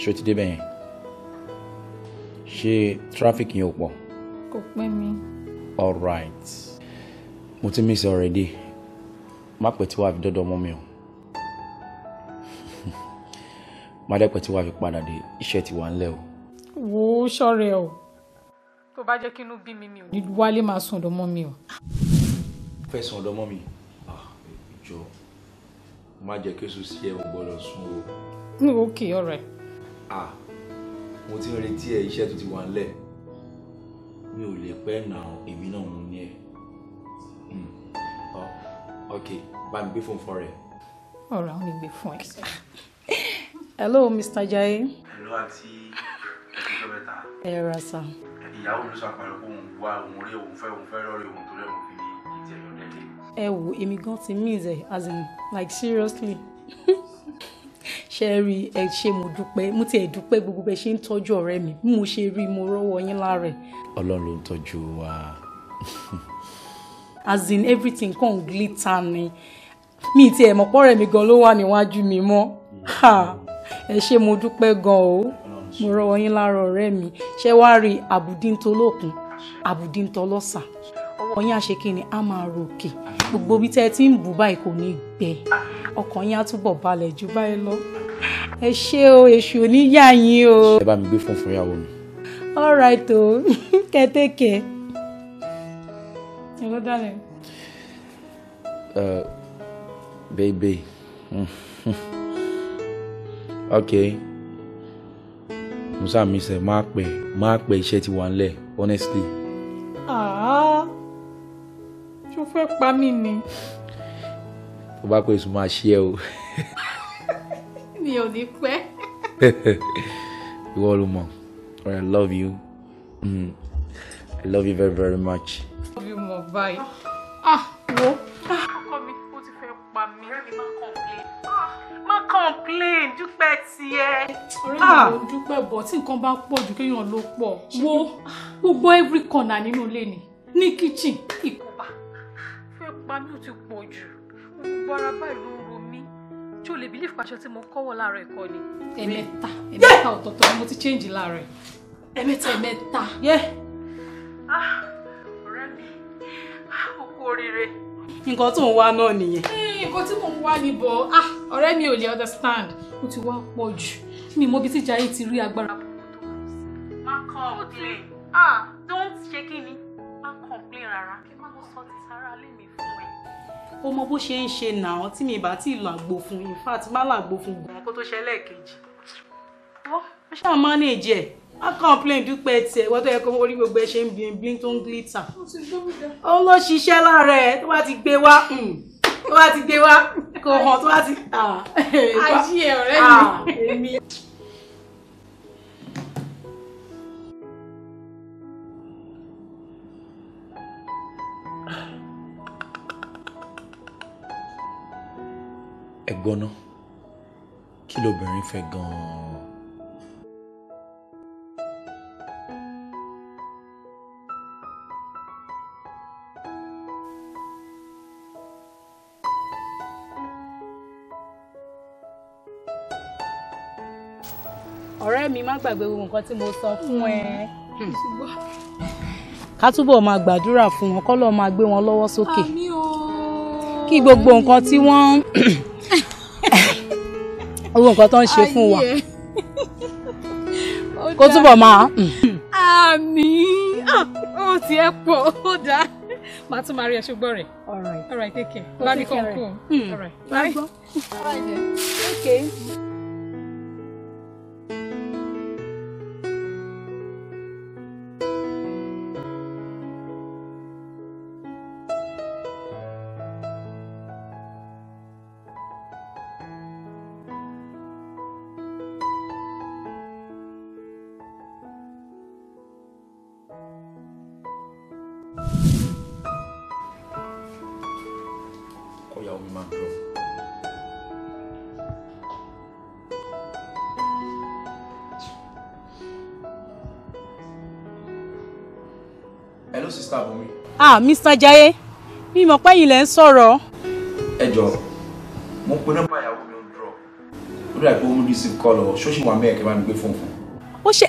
ṣó ti débẹ̀ yẹn ṣé traffic yẹn ò pọ̀. kò pẹ́ mi. all right mo ti miss already má pẹ́ tí wàá fi dọ́dọ̀ ọmọ mi o má dẹ́pẹ́ tí wàá fi padà dé iṣẹ́ ti wà ńlẹ̀ o. wo sọ́rẹ́ o tó bá jẹ́ kí inú bí mi mi ò ní wálé máa sùn ọ̀dọ̀ mọ́ mi o. fẹ́ sùn ọ̀dọ̀ mọ́ mi ah, jọ má jẹ́ kí o sùn sí ẹ̀ ń gbọ́dọ̀ sùn o. ok all right ah mo ti ń retí ẹ iṣẹ́ tó ti wà ńlẹ̀ mi ò lè pẹ́ nà èmi náà mú ní ẹ hmm. ok bá mi gbé fóònù fún rẹ. ọ̀rọ̀ àwọn ìgbé fún ẹ. hello mr Jaiye. hello àti ẹ̀dúgbò mẹ́ta. ẹ ra sa. ìyàwó mi sọ àpàrọ̀ pé òun wá òun rí òun fẹ́ òun fẹ́ rọ́ọ̀rì òun tó lẹ́wọ̀n fi ní ìjẹ̀yọ̀ lẹ́lẹ̀. ẹ wo èmi gan ti mí ìzẹ̀ as in like seriously. ṣe rí ẹ ṣe mo dúpẹ́ mo ti ẹ̀ dúpẹ́ gbogbo bẹ́ẹ̀ ṣe ń tọ́jú ọ̀rẹ́ mi bí mo ṣe rí mo rọ́wọ́ yín lára ẹ̀. ọlọ́run ló ń tọ́jú wa. as in everything kan glitter ni mi ti ẹ̀ mọ̀pọ̀ rẹ̀ mi gan ló wà níwájú mi mọ́ ẹ ṣe mo dúpẹ́ gan o mo rọ́wọ́ yín lára ọ̀rẹ́ mi ṣé wàá rí àbùdíntolókun àbùdíntolọ́sà ọkọ̀ yín àṣekínni á máa ròkè gbogbo bí tẹ́ ẹ ti ń bù báyìí kò ní gbẹ ọkọ̀ yín á túbọ̀ balẹ̀ jù báyìí lọ ẹ ṣe o èṣù oníyà yín o. ẹ bá mi gbé fún fún ìyàwó mi. all right o kẹtẹkẹ. hello darling. Uh, baby. okay musa mi sẹ máa pẹ máa pẹ iṣẹ́ ti wà ńlẹ̀ honestly. Ah, ṣó fẹ́ pa mí ni. tó bá pè sùn máa ṣí ẹ o. mi ò ní pẹ́. ìwọ ló mọ I love you mm. I love you very very much. love you more bye. ah, ah wo. ọkọ mi ó ti fẹ́ pa mi rẹ́mi má complain ah, má complain dúpẹ́ tiẹ̀. ọ̀rẹ́ mi ò ah. dúpẹ́ bọ̀ tí nǹkan bá pọ̀ jù kéèyàn ló pọ̀ wo gbogbo every corner nínú ilé ni ní kitchen ìkópa fẹ́ pa mi ó ti pọ̀ jù gbogbo ara báyìí ló ń ṣé o lè believe pàṣẹ tí mo kọ́wọ́ láàárọ̀ ẹ̀kọ́ ni. ẹ̀mẹ́ta ẹ̀mẹ́ta ọ̀tọ̀ọ̀tọ̀ ni mo ti change láàárọ̀ ẹ̀. ẹ̀mẹ́ta ẹ̀mẹ́ta. Ah, ọ̀rẹ́ mi ah, kókó oríire. nǹkan tó ń wá náà nìyẹn. Eh, nǹkan tí mò ń wá ni bọ̀ ah, ọ̀rẹ́ mi ò lè understand ó ti wá pọ̀ jù mi mọ ibi tí Jaiye ti rí agbára. má complain ah don't shake kí ni má complain rárá kí má lọ sọ ti sára lé mi o mọ bó ṣe ń ṣe nàá tí mi bá ti lọ àgbo fún in fact má làgbo fún gan kó tó ṣẹlẹ̀ kejì ó ṣáà manage ẹ̀ a complain dúpẹ́ tiẹ̀ wọ́n tó yẹ kó orí gbogbo ẹ ṣe ń bling bling tó ń glitter òun ló ṣiṣẹ́ lára ẹ̀ tó bá ti gbé wá hmm, tó bá ti gbé wá kò hàn tó bá ti. ayé ah, ọ̀rẹ́ ah, mi. ẹ̀gbọ́n náà kí lobìnrin fẹ́ gan-an. mi má gbàgbé gbogbo nǹkan tí mo sọ fún ẹ. Hmm. ká túbọ̀ máa gbàdúrà fún wọn kọ́ lọ́ọ́ máa gbé wọn lọ́wọ́ sókè kí gbogbo nǹkan tí wọ́n owó nǹkan tó ń ṣe fún wa kó túbọ̀ máa. Mm. àmín ah, ó ti ẹ pọ̀ ó dáa màá tún máa rí ẹ ṣùgbọ́n rẹ̀ all right all right take care bá rí mm. bye. bye. okay. Mr. Jaye mi mọ̀ pé yìí lẹ̀ ń sọ̀rọ̀. ẹ jọ mo pe nọ́mbà ìyàwó mi ò ń dúró ó dà pé ó mú dísìn kọ́ lọ ṣóṣì wà mẹ́ẹ̀kẹ́ bá mi gbé fún fún. ó ṣe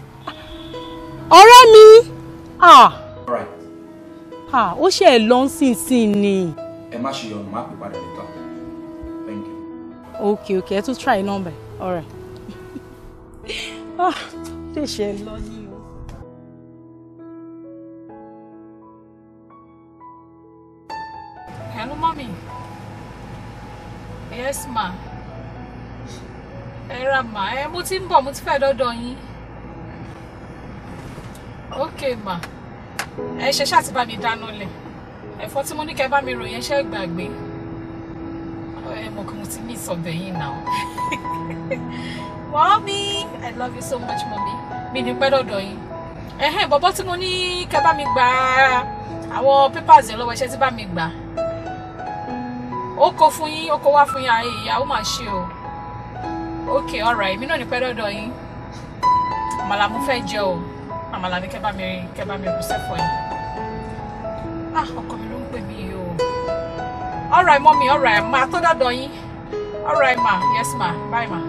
ọ̀rẹ́ mi ó ṣe ẹ̀ lọ sínsìn ni. ẹ má ṣe yọnu má pè padà níta. ok ok ẹ tún try number all right. ah ṣèṣe lọ ní. mà ẹ mo ti ń bọ̀ mo ti fẹ́ dọ́dọ̀ yín ok mà ẹ ṣe ṣáà ti bá mi dáná lẹ̀ ẹ̀fọ́ tí mo ní kẹ́ bá mi ròyìn ṣẹ́ gbàgbé ẹ mọ̀ kí mo ti ní ìsọ̀bẹ̀ yìí náà mọ́mí i love you so much mọ́mí mi ní pẹ́ dọ́dọ̀ yín ẹ̀hẹ́n bọ́bọ́ tí mo ní kẹ́ bá mi gba àwọn papers yẹn lọ́wọ́ iṣẹ́ tí bá mi gbà ó kó fún yín ó kó wá fún yín ààyè ìyàwó máa ṣe o ok alright èmi náà ní pẹ́ dọ́dọ̀ yín àmàlà mo fẹ́ jẹ o àmàlà ní kẹ́bà mi kẹ́bà mi rú sẹ́fọ̀ yín ah ọkọ mi ló ń pè mí yìí o alright mọ́mí alright ma tó dọ́dọ̀ yín alright ma yes ma bye ma.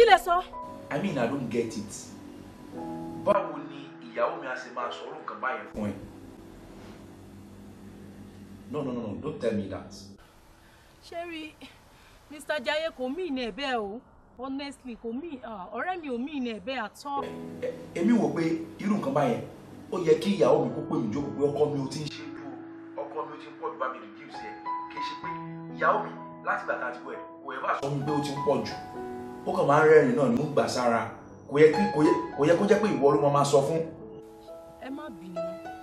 kí lẹ sọ. i mean i don't get it báwo ni ìyàwó mi a ṣe máa sọ̀rọ̀ kan báyẹn fún ẹ no no no no don't tell me that. ṣẹ́rí mr jaye kò mí ìnà ẹ̀bẹ̀ o honestly kò mí ọ̀rẹ́ mi ò mí ìnà ẹ̀bẹ̀ àtọ́. èmi wò pé irú nǹkan báyẹn ó yẹ kí ìyàwó mi kó pè mí jókòó pé ọkọ mi ò ti ń ṣe dúró ọkọ mi ò ti ń pọ̀ jù bá mi reduce ẹ̀ kì í ṣe pé ìyàwó mi láti gbà tá a ti wẹ̀ kò ẹ̀ bá sọ mi pé ó ti ń pọ̀ jù ó kàn máa ń rẹ́rìn náà ni mo gbà sára kò yẹ kó jẹ́ pé ìwọ ló máa sọ fún. ẹ má bínú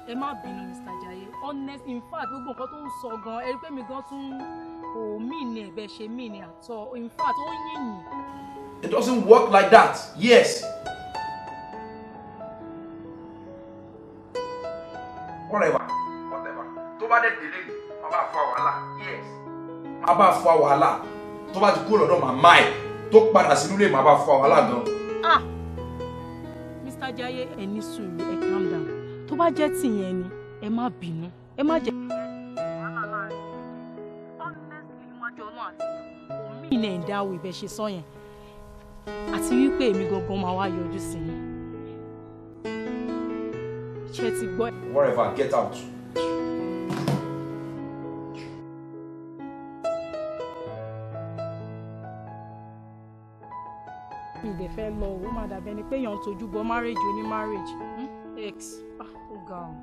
ẹ má bínú Mr. Jaye honest in fact gbogbo nǹkan tó ń sọ gan ẹ rí pé mi gan tún kò mí ni ẹ̀bẹ̀ ṣe mí ni àtọ in fact ó yìnyín. it doesn't work like that yes. whatever whatever tó bá dé délé mi má bá fa wàhálà yes má bá fa wàhálà tó bá ti kúrò lọ́dọ̀ màmá ẹ̀ tó padà sínú lè má bá fọ àwọn aládùn. Ah! Mr. Jaye ẹ ní sùúrù ẹ calm down tó bá jẹ́ tìyẹn ni ẹ má bínú ẹ má jẹ́. omi ilẹ̀ ń dáwọ́ ibẹ̀ ṣe sọ yẹn àti wípé èmi gangan máa wá yọjú sí i. ṣe ti gbọ́. whatever get out. ìdè fẹ́ lọ ó má dàbẹ́ ni pé èèyàn ń tojú bọ marriage oní marriage. ex hmm? ah ó ga ọ́.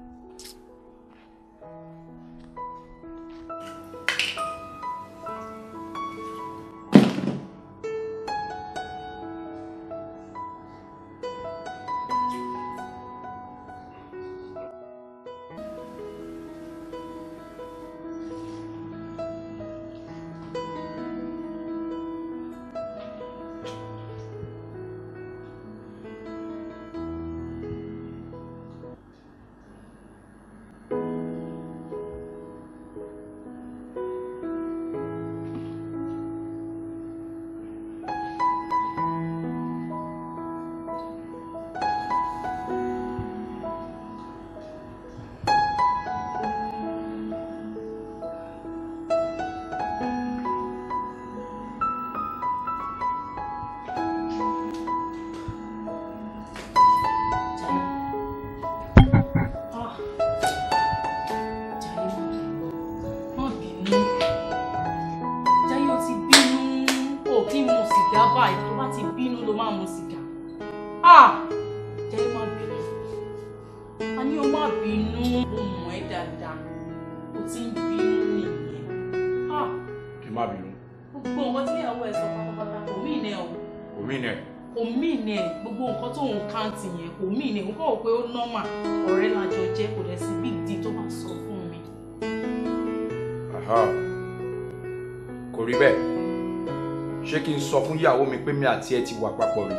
kí n sọ fún ìyàwó mi pé mi àti ẹ ti wà papọ̀ rí.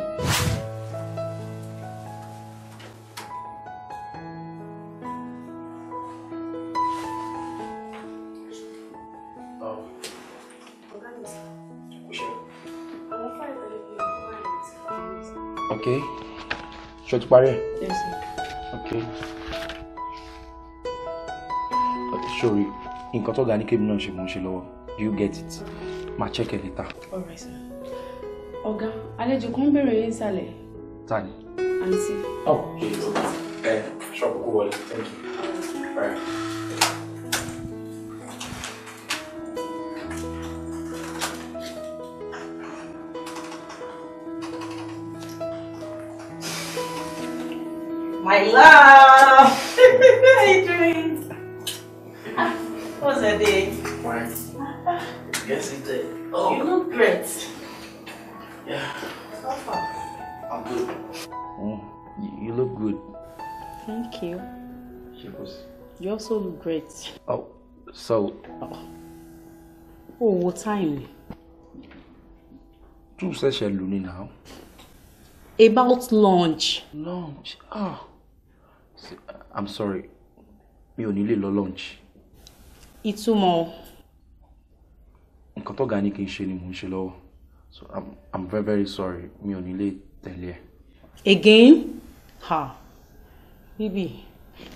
Okay. Ṣé o ti parí ẹ̀? Yes, sir. Okay. Ṣé o rí nǹkan tó ga ní kébì náà ṣe mò ń ṣe lọ́wọ́? Do you get it? Okay máa check ẹ alright sir. ọ̀gá àlejò kan bẹ̀rẹ̀ yín sàlẹ̀. ta ni. àǹtí. ọ̀ ṣe ìlú ẹ ṣọ́ọ̀bù kó wọlé thank you. Right. My love! How you doing? Ah, What's the day? Yes, it did. Oh. You look great. Yeah. How far? I'm good. Mm, you, you look good. Thank you. She was. You also look great. Oh, so. Oh, oh what time? Two sessions, Luni, now. About lunch. Lunch? Ah. I'm sorry. Me only ní It's lọ lunch. nǹkan tó ga ni kì í ṣe ni mò ń ṣe lọ́wọ́ so i'm very very sorry mi ò ní lè tẹ̀lé ẹ. again ha bíbí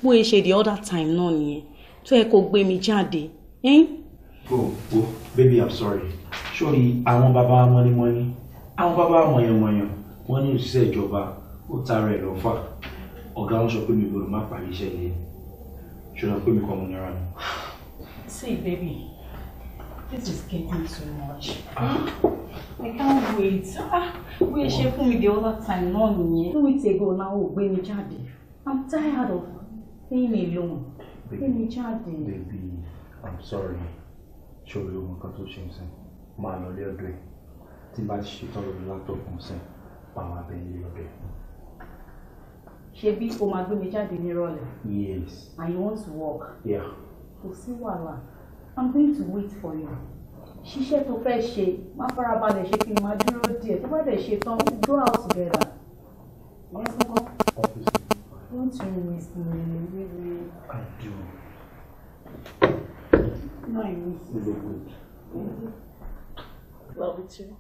bó ṣe the other time náà nìyẹn tó ẹ kò gbé mi jáde. go go baby i'm sorry sórí àwọn bàbá mọ́nímọ́ní àwọn bàbá mọ̀yànmọ̀yàn wọ́n ní òṣìṣẹ́ ìjọba ó tara ẹ̀ lọ́fà ọ̀gá wọn sọ pé mi gbọ́dọ̀ má parí iṣẹ́ yìí ṣùgbọ́n pé mi kọ́ mo nira ni. see baby This is getting too much. Ah. Hmm? I can't wait. Ah, we ṣe fún mi the other time no, no. Two weeks ago now ò gbé mi jáde. I'm tired of being alone. Gbé mi jáde. Baby, I'm sorry. Show you kan tó ṣe ń Man, Máa lọ lé ọdọ ẹ̀. Tí bá ṣe tọrọ látọkùn sìn, bàmá She be ọdọ ẹ̀. Ṣebí o máa gbé mi Yes. And you want to walk. Yeah. To Kò sí wàhálà. I'm going to wait for you. Ṣiṣẹ́ tó fẹ́ ṣe, má farabalẹ̀ ṣe kí n máa dúró díẹ̀. Tó bá dẹ̀ ṣe tán, we go out together. Yes, Uncle. Obviously. Don't you miss me, really? I do. No, I miss you. You look Love you too.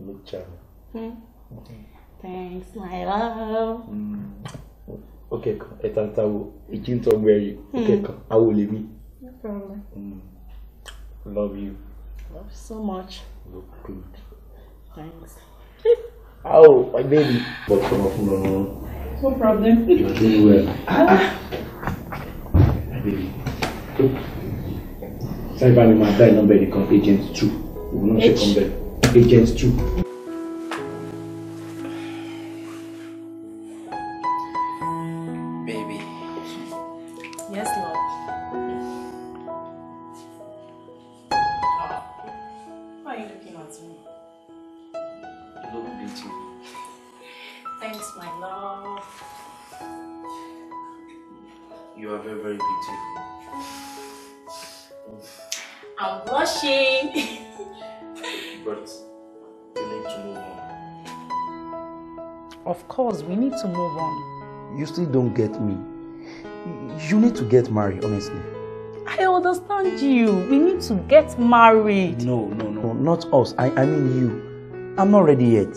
You look charming. Hmm? Okay. Thanks, my love. Mm. Okay, ẹ̀ta ń ta wo, ìjì ń tọ́ gbẹ̀rì, okay, hmm. àwo lèmi. family. Mm. Love you. Love you so much. Look good. Thanks. oh, my baby. no, problem. You're doing well. Ah. my baby. my dad number the two. We will not two. Thanks, my love. You are very, very beautiful. I'm blushing. but we need to move on. Of course, we need to move on. You still don't get me. You need to get married, honestly. I understand you. We need to get married. No, no, no. no not us. I, I mean you. I'm not ready yet.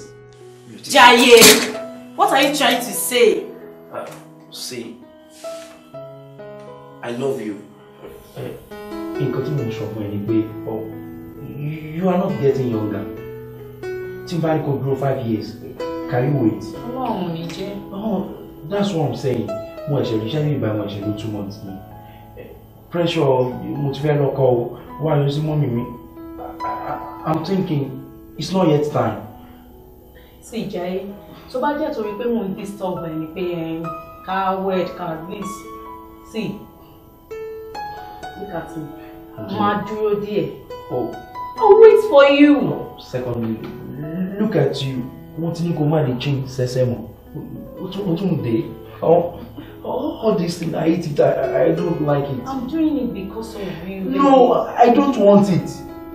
Jaye, what are you trying to say? Uh, see, I love you. Eh, nǹkan tí mo ń way. fún you are not getting younger. Tí could grow five years, can you wait? Ọlọ́run ò ní Oh, that's what I'm saying. Mo shall ló ṣẹ́ ní ìgbà two months eh, Pressure mo local. Why lọ́kọ̀ o, mommy? I'm thinking it's not yet time sì jẹ́ tó bá jẹ́ torí pé mò ń disturb ẹ̀ ni pé ká wed ká release sí look at me máa dúró díẹ̀ oh. I'll wait for you. No, secondly look at you wọ́n ti ní kó má lè change sẹ́sẹ́ mọ́ ó tún dé all these things I eat it I, I don't like it. I'm doing it because of you. No, I don't want it.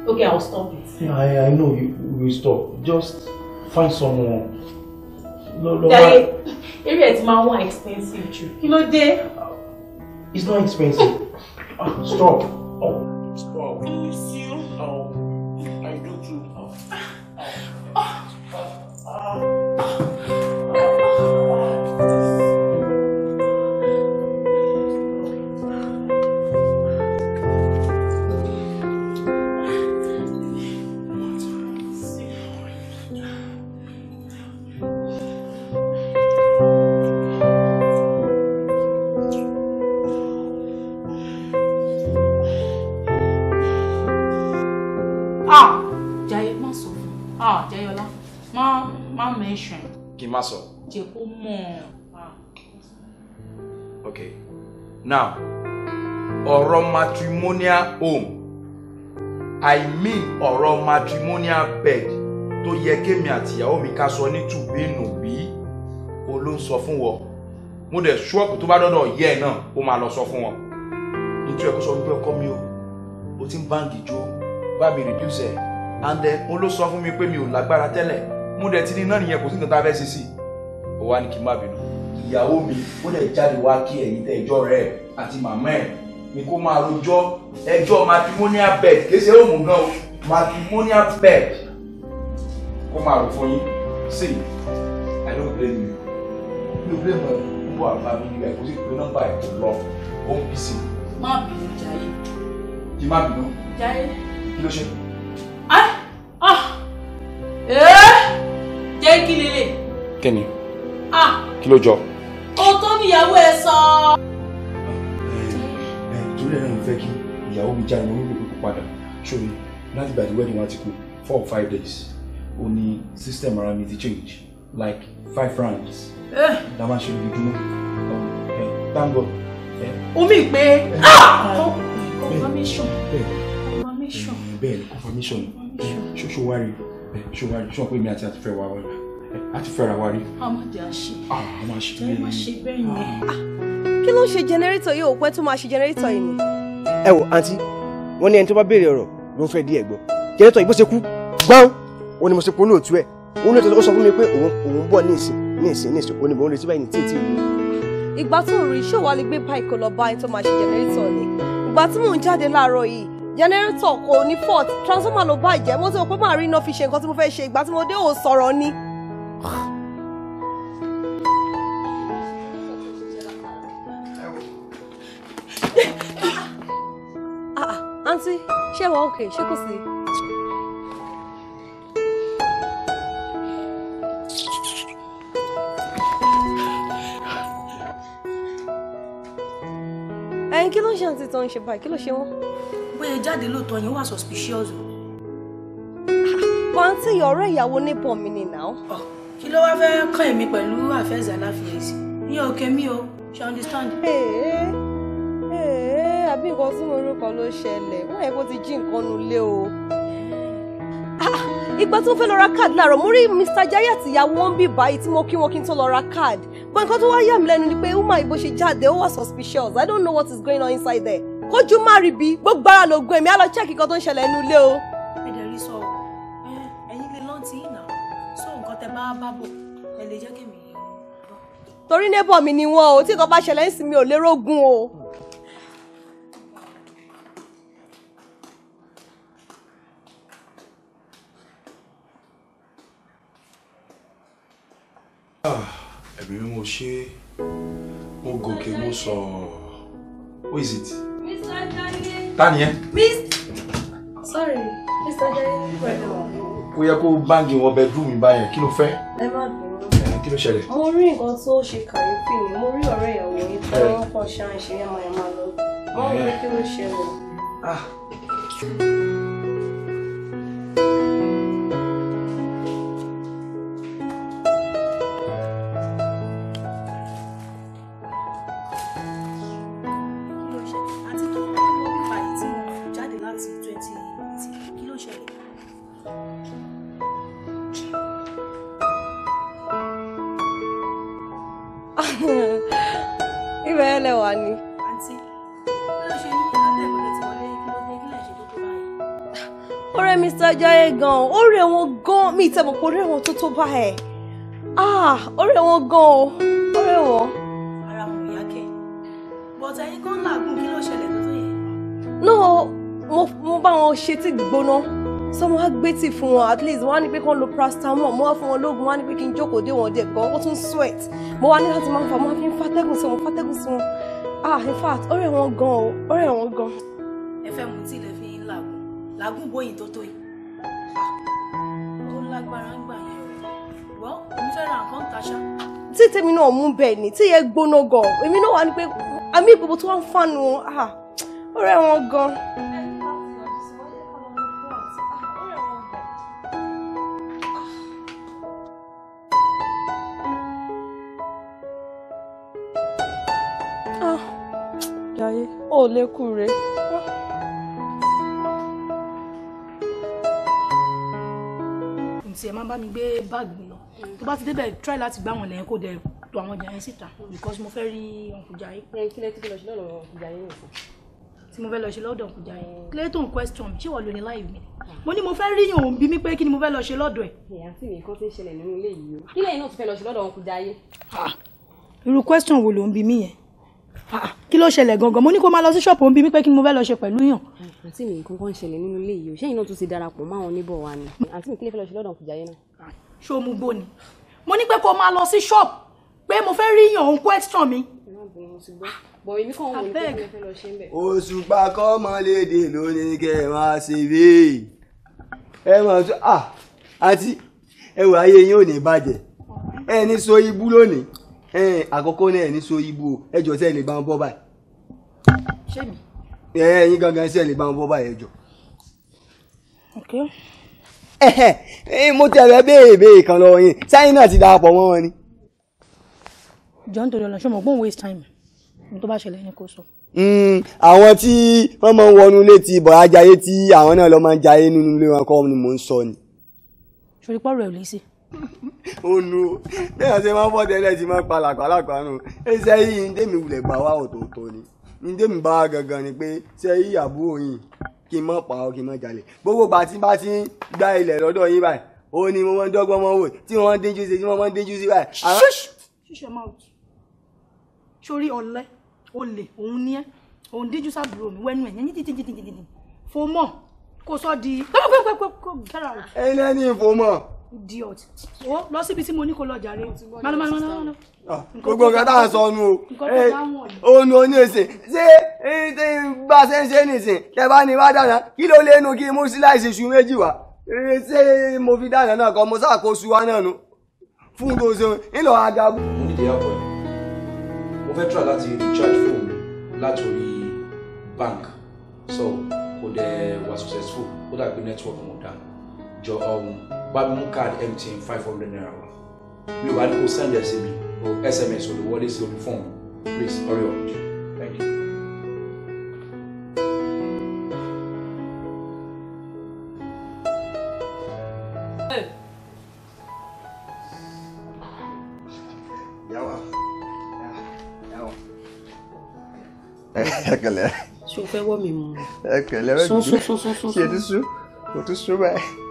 Okay, I'll stop it. Yeah, I, I know you will stop just find someone. Daddy, area ti máa wọ́n expensive jù. Kí ló dé? It's not expensive. Ah, stop. Oh. má mention. kì í now ọ̀rọ̀ matrimonial home i mean ọ̀rọ̀ matrimonial bed tó yẹ kémi àtìyàwó mi tu sọ ní tùbínùbí o ló ń sọ fún wọn mo dẹ̀ ṣọ́ọ̀pù tó bá dọ́dọ̀ yẹ ẹ̀ náà ó máa lọ sọ fún wọn nítorí ẹ̀kọ́ sọ wípé ọkọ mi o o ti ń báǹgì jó mi reduce ẹ̀ and then o ló sọ fún mi pé mi ò lágbára tẹ́lẹ̀ mo dẹ̀ ti ní náà nìyẹn kò sí nǹkan tá a fẹ́ ṣe sí i ó wá ní kí n má bínú. ìyàwó mi ó lè jáde wá kí ẹ̀yin tẹ ẹjọ́ rẹ̀ àti màmá ẹ̀ ni kó máa rojọ́ ẹjọ́ matrimonial bed kì í ṣe òmù gan o matrimonial bed kó máa rò fún yín sí i i don't blame you mi ò blame ẹ ń bọ̀ àbá mi nígbà kó sì pé nọ́mbà ẹ̀ lọ ó ń bí sí i. má bínú Jaiye. kí bínú. Jaiye. kí ló ṣe. ẹ kí lélẹ̀. kíni ah! kí ló jọ. o tó níyàwó ẹ sọ. torí ẹ̀rọ ìfẹ́ kí ìyàwó mi jáde mo nílò pípọ̀ padà ṣòro láti ìgbà wedding wa ti kú four or five days ó ní system ara mi ti change like five rounds eh. la máa ṣe lójoojúmọ́ thank God. omi pé confirmation ah! confirmation bẹ́ẹ̀ confirmation ṣoṣo wárí ṣoṣo wárí ṣoṣo pé mi àti àti fẹ́ wá wárí a ti fẹ́ra wa rí. a máa jẹ àṣẹ. a máa ṣe bẹ́ẹ̀ ni. a máa ṣe bẹ́ẹ̀ ni. Ah. Ah. kí ló ń ṣe jẹnẹrétọ̀ yìí ò pẹ́ tó máa ṣe jẹnẹrétọ̀ yìí ni. ẹ wo àǹtí wọn ní ẹni tó bá béèrè ọ̀rọ̀ ló ń fẹ́ di ẹ̀gbọ́n jẹnẹrétọ̀ yìí bó ṣe kú gbọ́n ó ní mo ṣe polóòtú ẹ̀ òun ló sọ fún mi pé òun òun bọ̀ ní ìsìn ní ìsìn ní ìsìn oníbọn olè tí báyìí ní tí tí ìlú. ìgbà tó rí iṣẹ́ wa lè gbé páìkì lọ bá ẹni tó máa ṣe jẹnẹrétọ̀ ni ìgbà tí mò ń jáde láàárọ̀ yìí jẹnẹrétọ̀ kò ní fort transformer ló bàjẹ́ mo ti rò pé màá rí iná fi ṣe nǹkan tí mo fẹ́ ṣe ìgbà tí mo dé ò sọ̀rọ̀ ni àǹtí ah, ah, ṣé wàá òkè ṣé kò sí. ẹyin kí ló kí ló ṣe wọ́n. bóyá jáde lóòótọ́ yẹn wà suspicious. pàǹtí ah, ọ̀rẹ́ ìyàwó neighbor mi ni now. Oh kí ló wá fẹ́ẹ́ kàn èmi pẹ̀lú àfẹ́sà láfiyèsí ní òkè mi o ṣe understand. àbí nǹkan tí mo rúkọ ló ṣẹlẹ̀ wọ́n yẹ kó ti jí nǹkan nu lé o. Ah, ìgbà tí fẹ́ lọ ra card láàárọ̀ mo rí Mr. Jaiye àtìyàwó wọn bí báyìí tí mo kí wọn kí n tó lọ ra card but nǹkan tó wá yà mí lẹ́nu ni pé woman ibo ṣe jáde ó wà suspicious I don't know what is going on inside there kójú má rí bí gbogbo ara ló gbé mi á lọ check nǹkan tó ń ṣẹlẹ̀ nínú ilé o. tẹ bá bá bò ẹ lè jẹ́ kèmí gbọ́. torí nébọ̀ mi ni wọn o tí nǹkan bá ṣẹlẹ̀ ń sin mi ò lérò gun o. Ah, ẹ̀mí mi mo ṣe mo gòkè mo sọ who is it. Mr. Jaiye. ta ẹ. Miss sorry Mr. Jaiye ó yẹ kó báńgì wọn bedroom mi báyẹn kí ló fẹ́. ẹ má bínú. kí ló ṣẹlẹ̀. mo rí nǹkan tó ṣe kàyéfì ni mo rí ọ̀rẹ́ ìyàwó yìí tí wọ́n kọ̀ ṣáà ń ṣe yàmàyàmà lọ wọ́n rí kí ló ṣẹlẹ̀. Ah. gan ó rẹ̀ wọ́n gan mi ìtẹ́ mọ̀ pé ó rẹ̀ wọ́n tó tó báyìí ah ó rẹ̀ wọ́n gan ó rẹ̀ wọ́n. ara mo yá kẹ bọ́tà yín kan làágùn kí ló ṣẹlẹ̀ tó yẹ. náà mo mo bá wọn ṣe tí gbóná sọmọ wa gbé tì fún wọn at least wọn á ní pé kán lo paracetamol mo wá fún wọn lóògùn wọn á ní pé kí n jókòó dé wọn dé gan ó tún sweat mo wá ní láti máa fà mo wá fi ń fatẹ́gùn sí wọn fatẹ́gùn sí wọn ah in fact ọ̀rẹ́ wọn gan o ọ̀rẹ́ wọn gan. ẹ fẹ́ mu tí ilẹ̀ fi ń làágùn làágùn bóyin tó tó yìí lágbára ń gbà yẹn wọ́n èmi fẹ́ ra nǹkan tàṣà. tí tèmi náà mú bẹ́ẹ̀ ni tí yẹ gbóná gan èmi náà wà ní pé àmì ìgbòho tí wọ́n ń fànù ọ̀rẹ́ wọn gan. Jaiye ah, ó lékùn rèé. tiẹ̀ máa bá mi gbé báàgì mi lọ tó bá ti débẹ̀ try láti gbá wọn lẹ́yìn kó dẹ̀ tó àwọn ọjà yẹn síta because mo fẹ́ rí ọ̀nkùjà yìí. ẹ kí lẹ ti lọ sí lọ́dọ̀ ọ̀nkùjà yìí nìkan. tí mo fẹ́ lọ ṣe lọ́dọ̀ ọ̀nkùjà yìí kí question ṣé wọ́n lò láì mi. Ah. mo ní mo fẹ́ rí yàn bí mi pé kí ni mo fẹ́ lọ ṣe lọ́dọ̀ ẹ̀. ẹ àti mi nǹkan ti ń ṣẹlẹ̀ nínú ilé yìí o kí Ah, kí ló ṣẹlẹ̀ gangan mo ní kó máa lọ sí ṣọ́ọ̀pù òun bí mi pé kí ni mo fẹ́ lọ ṣe pẹ̀lú yàn. àǹtí mi nǹkan kan ṣẹlẹ̀ nínú ilé yìí o ṣẹ́yìn náà tún ti darapọ̀ máwọn oníbọ̀ wa ni àǹtí mi kí lè fẹ́ lọ ṣe lọ́dọ̀ kùjà yẹn náà. Ah, ṣé o mú gbó ni mo ní pé kó máa lọ sí ṣọ́ọ̀pù pé mo fẹ́ rí yàn òun question mi. òṣùpá kọ́ mọ́lédè lónìí kẹ́ ẹ máa ṣe bẹ́ẹ̀ ẹ máa ah, tún àti ẹwà ayé yín ò ní bàjẹ́ ẹ ní so ibú lónìí àkọ́kọ́ náà ní so ibu? ẹjọ́ sẹ́ẹ̀ lè bá wọn bọ́ báyìí. ṣé mi. ẹ ẹyin gangan sẹ́ẹ̀ lè bá wọn bọ́ báyìí ẹjọ́. mo tẹ̀lé béèrè béèrè kan lọ́wọ́ yín sáyìn náà ti darapọ̀ mọ́ wọn ni. john tó lọ ṣọmọ gbóhùn waste time ní tó bá ṣẹlẹ̀ yẹn kó sọ. Hmm, àwọn tí wọ́n máa ń wọnú ilé ti bọ̀ ajayé tí àwọn náà lọ máa ń jayé nínú ilé wọn kọ́ ni mò ń sọ ni. ṣòrí pọ́ọ̀rọ̀ ẹ̀ lè ṣe onu o bẹ́ẹ̀ ṣe máa ń fọ́ tẹ́lẹ̀ tí máa ń palà pàlàpà nù ẹ sẹ́yìn ní tèmi wulẹ̀ gbà wá ọ̀tọ̀ọ̀tọ̀ ni ní tèmi bá wa gangan ni pé sẹ́yìn àbúrò yìí kí n mọ̀ pa ọ́ kí n mọ̀ jalè gbogbo gbà tí bá ti ń gba ilẹ̀ lọ́dọ̀ yín báyìí ó ní mo máa ń dọ́gbọ́n mọ́ wò tí wọ́n dínjú sí tí wọ́n máa ń dínjú sí báyìí. ṣíṣe máa wù sórí ọ̀lẹ olè òun ni ẹ òun díjú sábúrò mi wẹnu ẹ yẹn ní títí títí títí fomọ kò sọ di. ẹyin náà ní ìfomọ idiot o lọ síbi tí mo ní kó lọ jàre mánu mánu mánu mánu. gbogbo nǹkan tá à ń sọ nu o ònu oní ìsìn ṣé bá a ṣe ń ṣe nìsín tẹ bá ní wá dáná kí ló lé inú kí mú síláìsì iṣu méjì wá ṣé mo fi dáná náà kọ mo ṣàkóso wa náà nu fún tó ṣe ńlọ agabu. ìdí àpò ẹ̀ mo fẹ́ try láti recharge phone mi láti orí bank so kò dẹ̀ wá successful ó dàbí network mo dá jọ ọ̀hún. Um, ba mi mu card mtn five hundred naira wa mi ò bá ní kó send ẹ sí mi o sms o lè wọlé sí orí please ọ̀rẹ́ ọ̀rẹ́ thank you. Ẹ̀kẹ̀lẹ̀. Ṣé o fẹ́ wọ́ mi mu? Ẹ̀kẹ̀lẹ̀. Sún sún sún sún sún. Ṣé o ti sún? O ti sún báyìí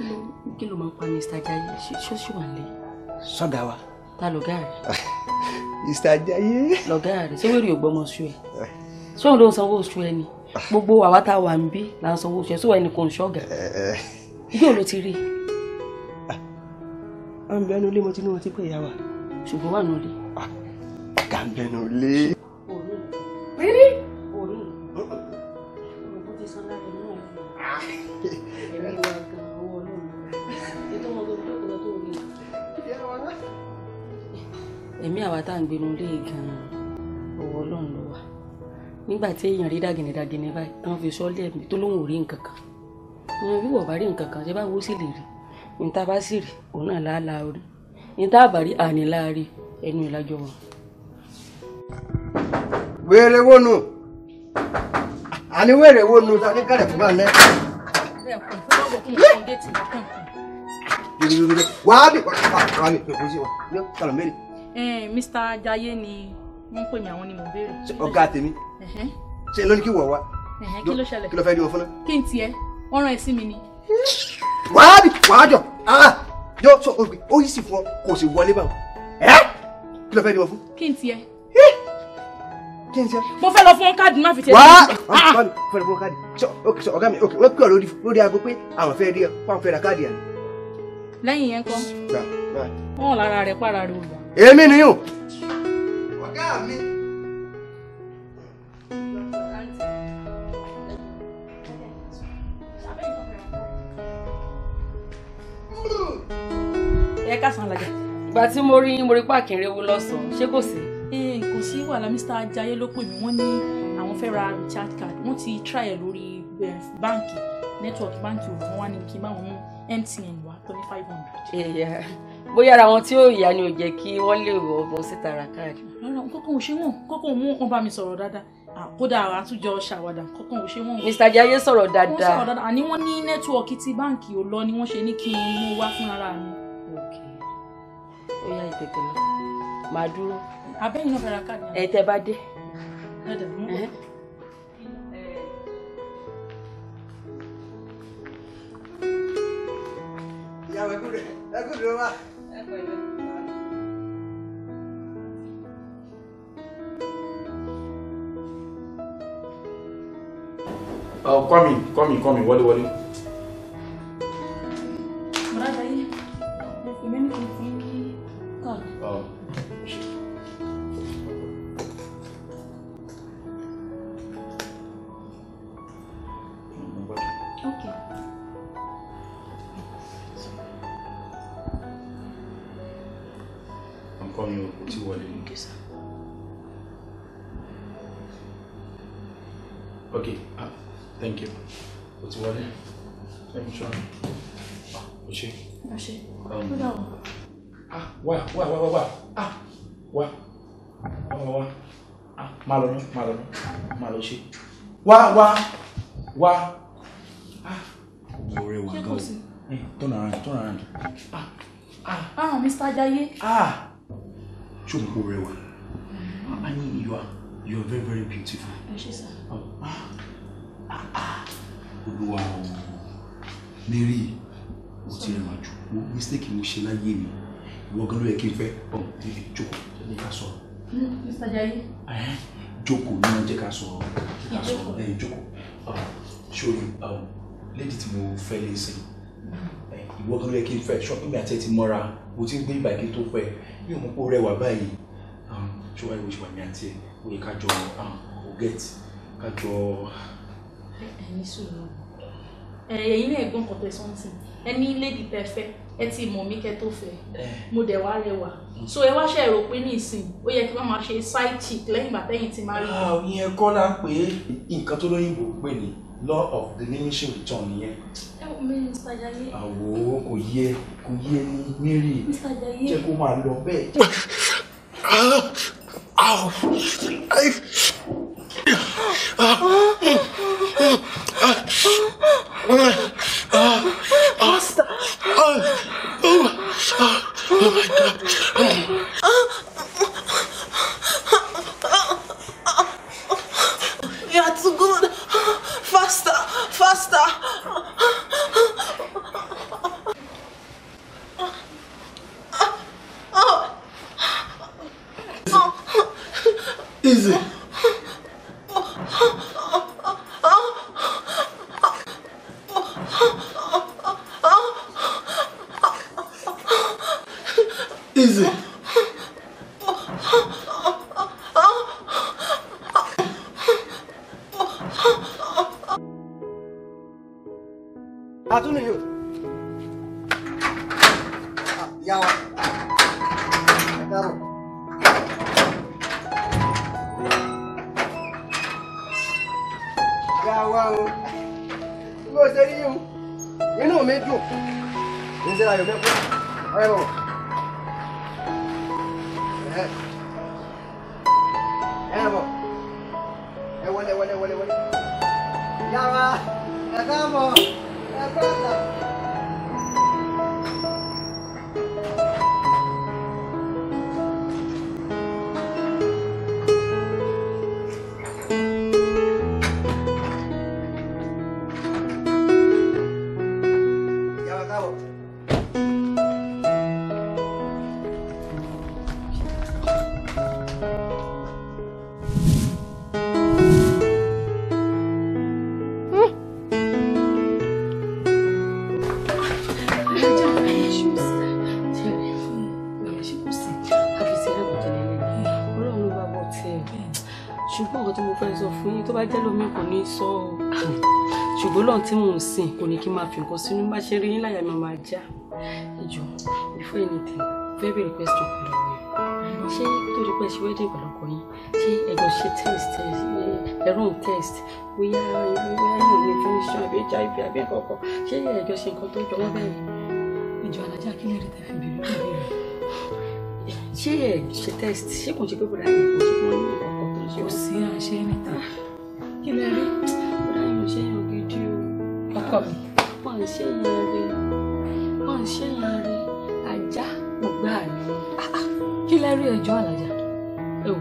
kí ló kí ló máa ń pa mr Jaiye ṣó ṣì wà lẹ́yìn. sọ́gà wa. ta lọ̀gá rẹ̀. mr Jaiye. lọ̀gá rẹ̀ ṣé wèrè ògbọ́mọ oṣù ẹ̀ ṣé òun ló ń sanwó oṣù ẹ̀ ni gbogbo àwa tá a wà ń bí là ń sanwó oṣù ẹ̀ ṣé wọ́n ẹnì kan ṣọ́gà. yóò eh, eh. ló ti rí i ah. à ń bẹnu ilé mo ti ní wọn ti pè ya wa. ṣùgbọ́n wà nù ilé. Ah. ọ̀gá ń bẹnu ilé. tá à ń gbénu lé gan-an ọwọ́ ọlọ́run ló wà nígbà tí èèyàn rí dàgìnìdàgìnì báyìí tán fi sọ́ọ́lẹ̀ mi tó lóun ò rí nǹkan kan wọn bí wọ́n bá rí nǹkan kan ṣe báwo sì lè rí níta bá sì rí òun náà láàlá orí níta àbárí àníláàrí ẹnu ìlàjọ wọn. wèrè wo nu àní wèrè wo nu sani kẹrẹ fún wa náà. wàá bì wàá bì wàá bì tó kù sí wa ní kàlọ́ mẹ́rin. Eh, Mr. Jaye ni wọ́n ń pè mí àwọn ni mò ń béèrè. ọ̀gá tèmi ṣe ló ní kí wọ̀ wá. kí ló ṣẹlẹ̀ kí ló fẹ́ rí wọn fún náà. kí n tiẹ̀ wọ́n rán ẹ sí mi ni. wàá bì wàá jọ ah, yọ sọ ó yí sì fún ọ kò sì wọlé báwọn kí ló fẹ́ rí wọn fún. kí n tiẹ̀. kí n tiẹ̀. mo fẹ́ lọ fún káàdì má fi tẹ̀lé. wàá wàá ah, ah. fẹ́ lọ fún káàdì sọ ọ̀gá mi wọ́n pè ọ lórí lórí aago pé àwọn fẹ́ rí ọ fún àwọn fẹ́ ra káàdì àná. lẹ́yìn yẹn kọ́. wọ́n lára rẹ̀ pàrọ̀ rẹ̀ olùwà èmi nìyàn. ọ̀gá mi. ẹ káàsán alájà ìgbà tí mo rí mo rí páàkì ìrẹwò lọ́sàn-án ṣé kò sí. kò sí wàhálà Mr. Ajayi ló pè mí wọ́n ní àwọn fẹ́ ra recharge card wọ́n ti try ẹ̀ lórí eh, báǹkì nẹ́tíwọ̀kì báǹkì òògùn wa ni kí n bá wọn mú MTN wá twenty five hundred. Eh, bóyá ara wọn tí ó yà ni ò jẹ́ kí wọ́n lè wọ ọbọ̀ síta ra káàdì. rárá kókó ò ṣe wọn kókó ò mú wọn bá mi sọ̀rọ̀ dáadáa àkódà àtúnjọ ṣàwádà kókó ò ṣe wọn. Mr. Jaiye sọ̀rọ̀ dáadáa. wọ́n sọ̀rọ̀ dáadáa àní wọ́n ní nẹ́tíwọ̀kì ti báǹkì ò lọ ni wọ́n ṣe ní kí n mú wá fún ara mi. ok ó yá ìtẹ̀tẹ̀ lọ màá dúró. abẹ́yìn náà fẹ́ ra káàdì. ẹ̀ tẹ́ bá dé. ẹ̀ Ya, me cure, me cure, va. se vuelven padres. Oh, Kwame, Kwame, Kwame, what do you o ti wọlé ẹ̀mí ṣọ́nà o ṣe. o ṣe ó um, dà wọ. Ah, wá wá wá wá wá ah, wá wá wá ah, má lọ ná má lọ ná má lọ ṣe wá wá wá. mo rẹwà gan o hmm, turn around turn around. ah Mr. Jaye. ah ṣùgbọ́n mo rẹwà i mean you you are very very beautiful. Yes, sir. sá. Oh, olúwa o Mary o ti rẹ̀ màjú o mistake mo ṣe láyé mi ìwọ gan ló yẹ kí n fẹ́ ọ̀n tètè jókòó tètè ká sọ̀rọ̀. Mr. Jaye. jókòó ní wọn jẹ́ ká sọ̀rọ̀ ká sọ̀rọ̀ lẹ́yìn jókòó ah, sórí um, lady tí mo fẹ́ lè sìn ìwọ gan ló yẹ kí n fẹ́ ṣọ́pìnì àti ẹtì mọ́ra o ti ń gbé ìbàkí tó fẹ́ mi ò mọ̀ pé rẹwà báyìí ṣọwọ́ ìwé ṣùgbọ́n mi àti ẹ̀ o yẹ ká jọ ah, o get ká jọ ẹ̀yin sùúrù ẹ̀yin náà gbọ́n kọ̀tọ̀ something ẹni lady tẹ̀fẹ́ ẹ ti mọ̀ mí kẹ́ tó fẹ́ mo dẹ̀ wá rẹwà mm. so ẹ wá ṣe rò pé ní ìsìn ó yẹ kí wọ́n máa ṣe side chick lẹ́yìn ìgbà tẹ́yìn ti máa rí. Ah, ìyẹn kọ́ la pé nǹkan tó lóyìnbó pè ní law of diminishing return nìyẹn. ẹ wò mí Mr. Jaye. àwò kò yẹ kò yẹ ní mary jẹ kó máa lọ bẹ́ẹ̀. Oh. Master. Oh, oh, oh, oh my God. You are too good. Faster, faster. Easy. àtúnú yìí o yà wá dárò. yà wá o bó ṣe rí o inú mi dùn ní sẹ́la yóò mẹ́kọ́ ẹ bọ̀. ẹ bọ̀ ẹ wọlé wọlé wọlé wọlé yà wá ẹ káàbọ̀. across the kò ní kí n máa fi nǹkan sínú bá ṣe rí yín láyà máa máa já ìjọ before anything very very question pẹ̀lú ọ̀rẹ́ ṣé torí pé ṣe wedding pẹ̀lú ọkọ yín ṣé ẹ̀gbọ́n ṣe test ẹ̀rọ ń test bóyá bóyá yóò ní infection àbí hiv àbí nǹkan kan ṣé ẹ̀jọ́ ṣe nǹkan tó jọwọ́ bẹ́ẹ̀ ìjọ alájà kí lè rí tẹ́ fi bèrè lórí rẹ̀ ṣé ẹ ṣe test ṣé kò ń ṣe pé bọ̀dá yìí kò ń ṣe pé wọ́n ní ọkọ̀ tó ń ṣe. kò sí àṣẹ níta ah, kí lè rí ọkọ mi mọ̀ ń ṣe yẹn rí mọ̀ ń ṣe yẹn rí ajá ògbà mi ah, ah. kí lẹ́ rí ẹjọ́ àlàjá ẹ wò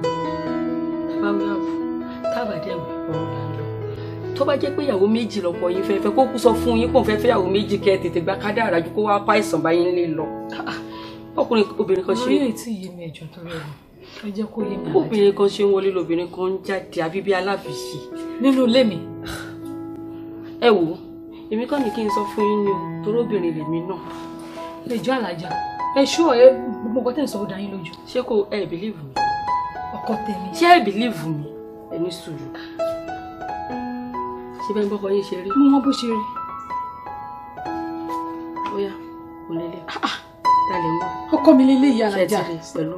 bàbá wíwá wò tábàdé ẹ̀wọ̀ ọ̀rọ̀ là ń lọ tó bá jẹ́ pé ìyàwó méjì lọ́kọ yín fẹ́ fẹ́ kó kú sọ fún yín kó fẹ́ fẹ́ ìyàwó méjì kẹ́ ẹ tètè gba kádàrá ju kó wá pa ìsàn báyìí ńlẹ̀ lọ ah, ọkùnrin obìnrin kan ṣe. orí èyí tí yé mi ẹjọ́ tó rẹ wọn ẹ jẹ́ kó yé mi àlàjá. obìnrin kan ṣe ń wọlé lóbìnrin kan ń jáde àbí bí aláfiṣe. nínú ilé mi. ẹ wò ó èmi kàn ní kí n sọ fún yín ni o torobìnrin lèmi náà. ìjọ alájà ẹ ṣú ọ ẹ gbogbo nǹkan tẹ̀ ń sọ ó yín lójú. ṣé kò ẹ bìlíìfù mi. ọkọ tèmi. ṣé ẹ bìlíìfù mi ẹ sùúrù. ṣé bẹ́ẹ̀ ń bọ́kọ yín ṣe rí. mo mọ bó ṣe rí. bóyá kò lélẹ̀. Ah, ah, ọkọ mi lélẹ̀ yìí alájà. ṣe pẹ̀lú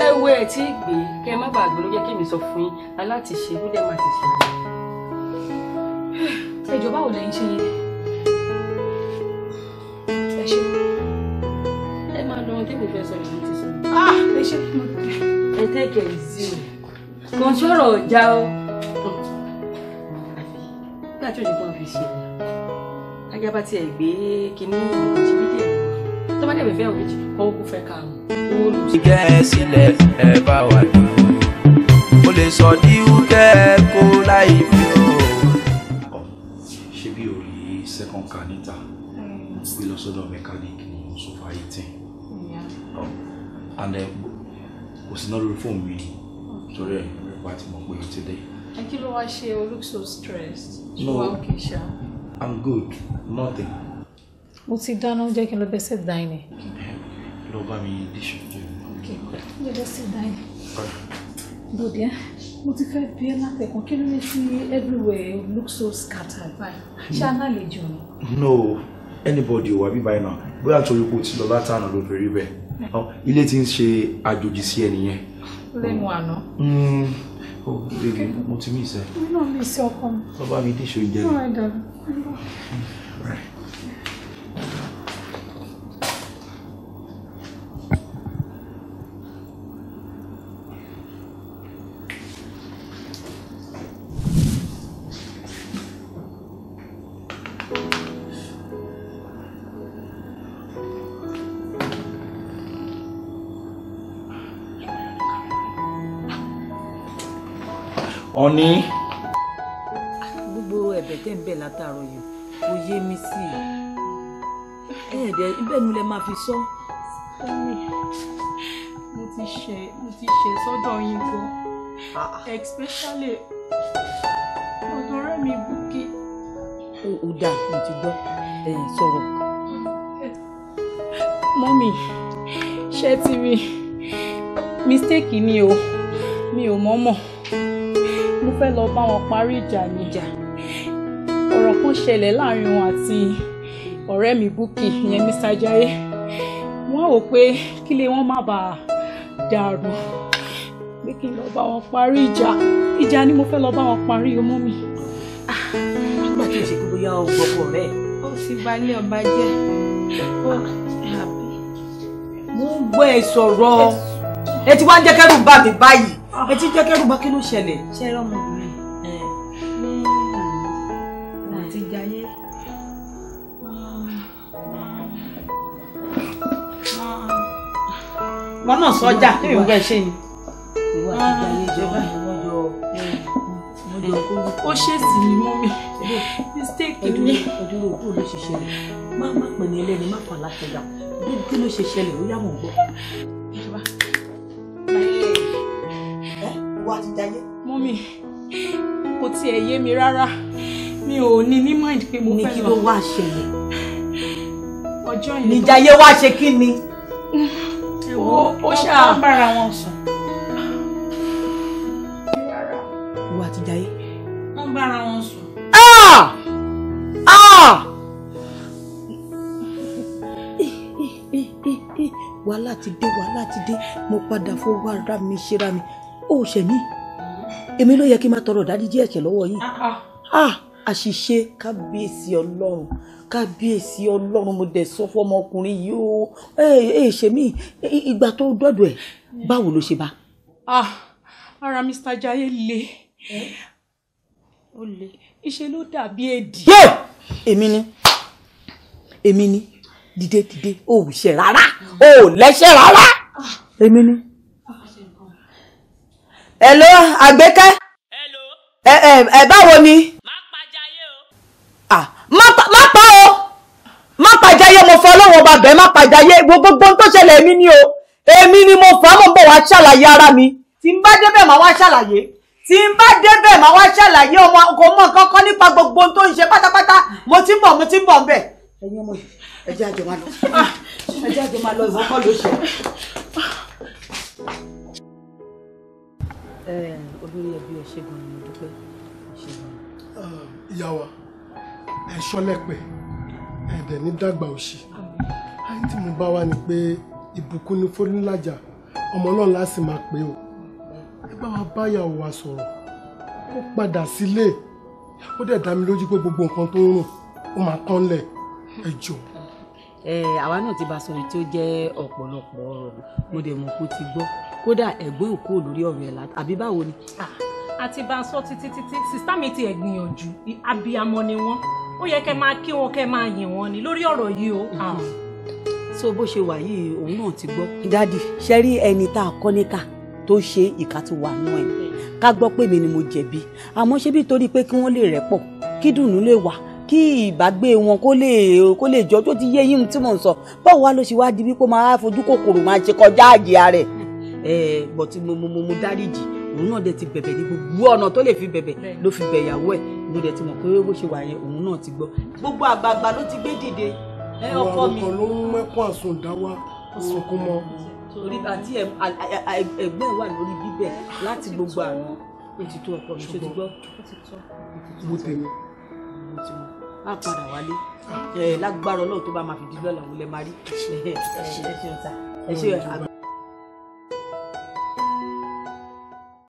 ẹ wo ẹ tí gbé kẹ má bàa gbé ló jẹ́ kí èmi sọ fún yín aláti ṣe ló dẹ̀ má ti ṣe. ẹjọ báwo lẹ̀yin ṣe yẹ ẹ ṣe ẹ máa lọ kí èmi fẹ́ sọ ìlú ti sọ. Ah! ẹ ṣe ẹ tẹ́kẹ̀ sí o kàn sọ̀rọ̀ ọ̀já o nígbà tí òṣèlú kan fi ṣe ajá bá tiẹ̀ gbé kinní ìṣèlú díẹ̀ tó dẹ̀ bẹ̀ fẹ́ òwe kọ́ ó kú fẹ́ ká mọ̀ olùsíkẹ́ sílẹ̀ ẹ bá wà ní. o lè sọ ní wúkẹ́ kó láì fi o. ọ ṣé bí orí second car níta gbé lọ sọ́dọ̀ mẹkáníìkì ní sofa eighteen and kò sí náà lórí fóònù mi torí ẹ wá ti mọ̀ pé o ti dé. ẹ kí ló wá ṣe o look so stressed. no i'm good nothing. mo ti dáná jẹ́ kí n lọ bẹ́sẹ̀ dáìní lọ bá mi díṣù. ǹjẹ́ lọ sí ìdáyẹ̀ bòdì ẹ́ mo ti fẹ́ bí ẹ látẹ̀kùn everywhere looks so scattered Fine. ṣé alálejò ni. no anybody wà bíbá ẹ̀ náà bóyá torí kò ti lọ látàánà ló fi rí bẹ́ẹ̀ oh, ilé ti ń ṣe àjòjì sí ẹnìyẹn. lẹ́nu oh. àná. ó hmm. oh, bèbè mo ti mí ìṣe. mo náà mí ìṣe ọkọ mi. lọ bá No díṣù ìjẹun. ọ̀ní. gbogbo ẹ̀bẹ̀ tẹ́ ń bẹ̀ látàárọ̀ yìí kò yé mi sí i ẹ̀ẹ́dẹ̀ ibẹ̀ nu lẹ máa fi sọ. mo ti ṣe mo ti ṣe sọ́dọ̀ yín gan ah. especially ọ̀dọ̀ ọ̀rẹ́ mi Bùkí. ó dáa mo ti gbọ́ sọ̀rọ̀. mọ́mì ṣé ti rí mistake ni o mi ò mọ̀ mọ̀ mo fẹ́ lọ bá wọn parí ìjà ni ọ̀rọ̀ kan ṣẹlẹ̀ láàrin wọn àti ọ̀rẹ́ mi Búkì ìyẹn Mr. Jaiye wọ́n wò pé kílé wọn má bàa dàrú pé kí n lọ bá wọn parí ìjà ìjà ni mo fẹ́ lọ bá wọn parí ọmọ mi. nígbà tí ṣe kí bóyá o gbọ́kọ̀ rẹ̀. ó sì balẹ̀ ọba jẹ́ ó ah. mo ń gbọ́ ẹ sọ̀rọ̀ ẹ ti wá ń jẹ́ kẹ́rù bà mí báyìí ẹ ti jẹ́ kẹ́rù bá kí ló ṣẹlẹ̀ ṣe é rọ́mọbìnrin ní àná òun àti jayé. wọn náà sọjà kí ìwé ṣe ni. ìwà àti jayé jẹ báyìí wọn jọ ó ṣèṣì ní mú mi mistake ni. ọdún òkú ló ṣe ṣẹlẹ̀ má má pè ní ẹlẹ́ni má pàlà ṣẹlẹ̀ kí ló ṣe ṣẹlẹ̀ ó yà mọ̀ gbọ́ wá ti jayé. mọ́mì kò tiẹ̀ yé mi rárá mi ò ní ní mind pé mo fẹ́ lọ. ní kí ló wá ṣẹlẹ̀. ọjọ́ yẹn tó níjàyé wá ṣe kí ni. ó ṣáà bára wọn sùn. ìwà àti jayé. wọ́n bára wọn sùn. Ah! Ah! wàhálà ti dé wàhálà ti dé mo padà fowó ara mi ṣera mi ó ṣe mí èmi ló yẹ kí n máa tọrọ ìdáríjì ẹ̀ṣẹ̀ lọ́wọ́ yín ah, ah. àṣìṣe kábíyèsí ọlọ́run kábíyèsí ọlọ́run mo dẹ̀ sọ fọmọkùnrin yìí ó ẹ ṣe mí ìgbà tó dọ́dọ̀ ẹ̀ báwo ló ṣe bá. Ah, ara Mr. Jaye le ó le ìṣe ló dàbí èdì. èmi ni èmi ni dìde dìde ò ṣe rárá ò lẹ́ṣẹ̀ rárá èmi ni hello àgbékẹ́. hello. ẹ ẹ ẹ báwo ni. má pa jayé o. ah má pa má pa o má pa jayé mo fọ ọlọ́wọ́n ọba bẹ́ẹ̀ má pa jayé gbogbo ohun tó ṣẹlẹ̀ èmi ni o èmi ni mo fà á mọ̀ bọ̀ wá ṣàlàyé ara mi tí n bá débẹ̀ máa wá ṣàlàyé tí n bá débẹ̀ máa wá ṣàlàyé ọmọ kò mọ̀ nǹkan kan gbogbo ohun tó ṣe pátápátá mo ti ń bọ̀ mo ti ń bọ̀ ń bẹ̀ ẹ̀yin ọmọ ẹ jẹ́ àjọ máa lọ ah, ẹ jẹ́ àjọ máa lọ ìwọ́kọ́ ló ṣe. Eh, olórí ẹbí ẹ ṣe gan-an mo dúpẹ́ ṣe gan-an. Eh, ìyá wa ẹ ṣọlẹ́pẹ̀ ẹ dẹ̀ ní dàgbà òṣì àyè tí mo bá wá ni pé ìbùkún ni fọlúńlàjà ọmọ ọlọ́run la sì máa pè ó ẹ bá wa báyàwó wa sọ̀rọ̀ ó padà sílé ó dẹ̀ dá mi lójú pé gbogbo nǹkan tó ń rùn ó máa tán lẹ̀ ẹ jọ. Eh, àwa náà ti bá sọ èyí tí ó jẹ́ ọ̀pọ̀lọpọ̀ ọ̀rọ̀ mo dẹ̀ mọ̀ kó ti gbọ́ kódà ẹ̀gbọ́n òkú olórí ọ̀rọ̀ ẹ̀ láti àbí báwo ni. àti bá a sọ títí títí sista mi ti ẹ̀ gbìyànjú abiyamọ ni wọ́n ó yẹ kẹ́ máa kí wọn kẹ́ máa yìn wọn ni lórí ọ̀rọ̀ yìí o. Mm. so bó ṣe wà yìí òun náà ti gbọ́. dádì ṣe rí ẹni tá a kọ́ níkà tó ṣe ìka tó wà nù ẹ̀ ká gbọ́ pé mi ni mo jẹ̀bi àmọ́ ṣé bí torí pé kí wọ́n lè rẹ́pọ̀ kí dùnú lè wà kí ìbágbé wọn kó lè kó lè jọ tó ti yé yín tí mò ń sọ báwo wá ló ṣe wá di wípé máa fojú kòkòrò máa ṣe kọjá àjẹ rẹ̀ bọ̀ tí mo mo mo dáríjì òun náà dẹ̀ ti bẹ̀bẹ̀ ní gbogbo ọ̀nà tó lè fi bẹ̀bẹ̀ ló fi bẹ̀ ìyàwó ẹ̀ mo dẹ̀ ti mọ̀ pé bó ṣe wà yẹn òun náà ti gbọ́ gbogbo àgbààgbà ló ti gbé dìde ọkọ mi. ọkọ ló ń mẹ́kún àsun ìdáwà sunkún mọ́. torí àti ẹgbẹ́ wà lórí bíbẹ̀ láti gbogbo àwọn òtítọ́ ọkọ mi ṣe ti gbọ́. mo tèmi. a padà wálé lágbára Ọlọ́run tó bá máa fi dídọ́là wọlé máa rí ẹ ṣe ọ̀tá ẹ ṣe àgbà.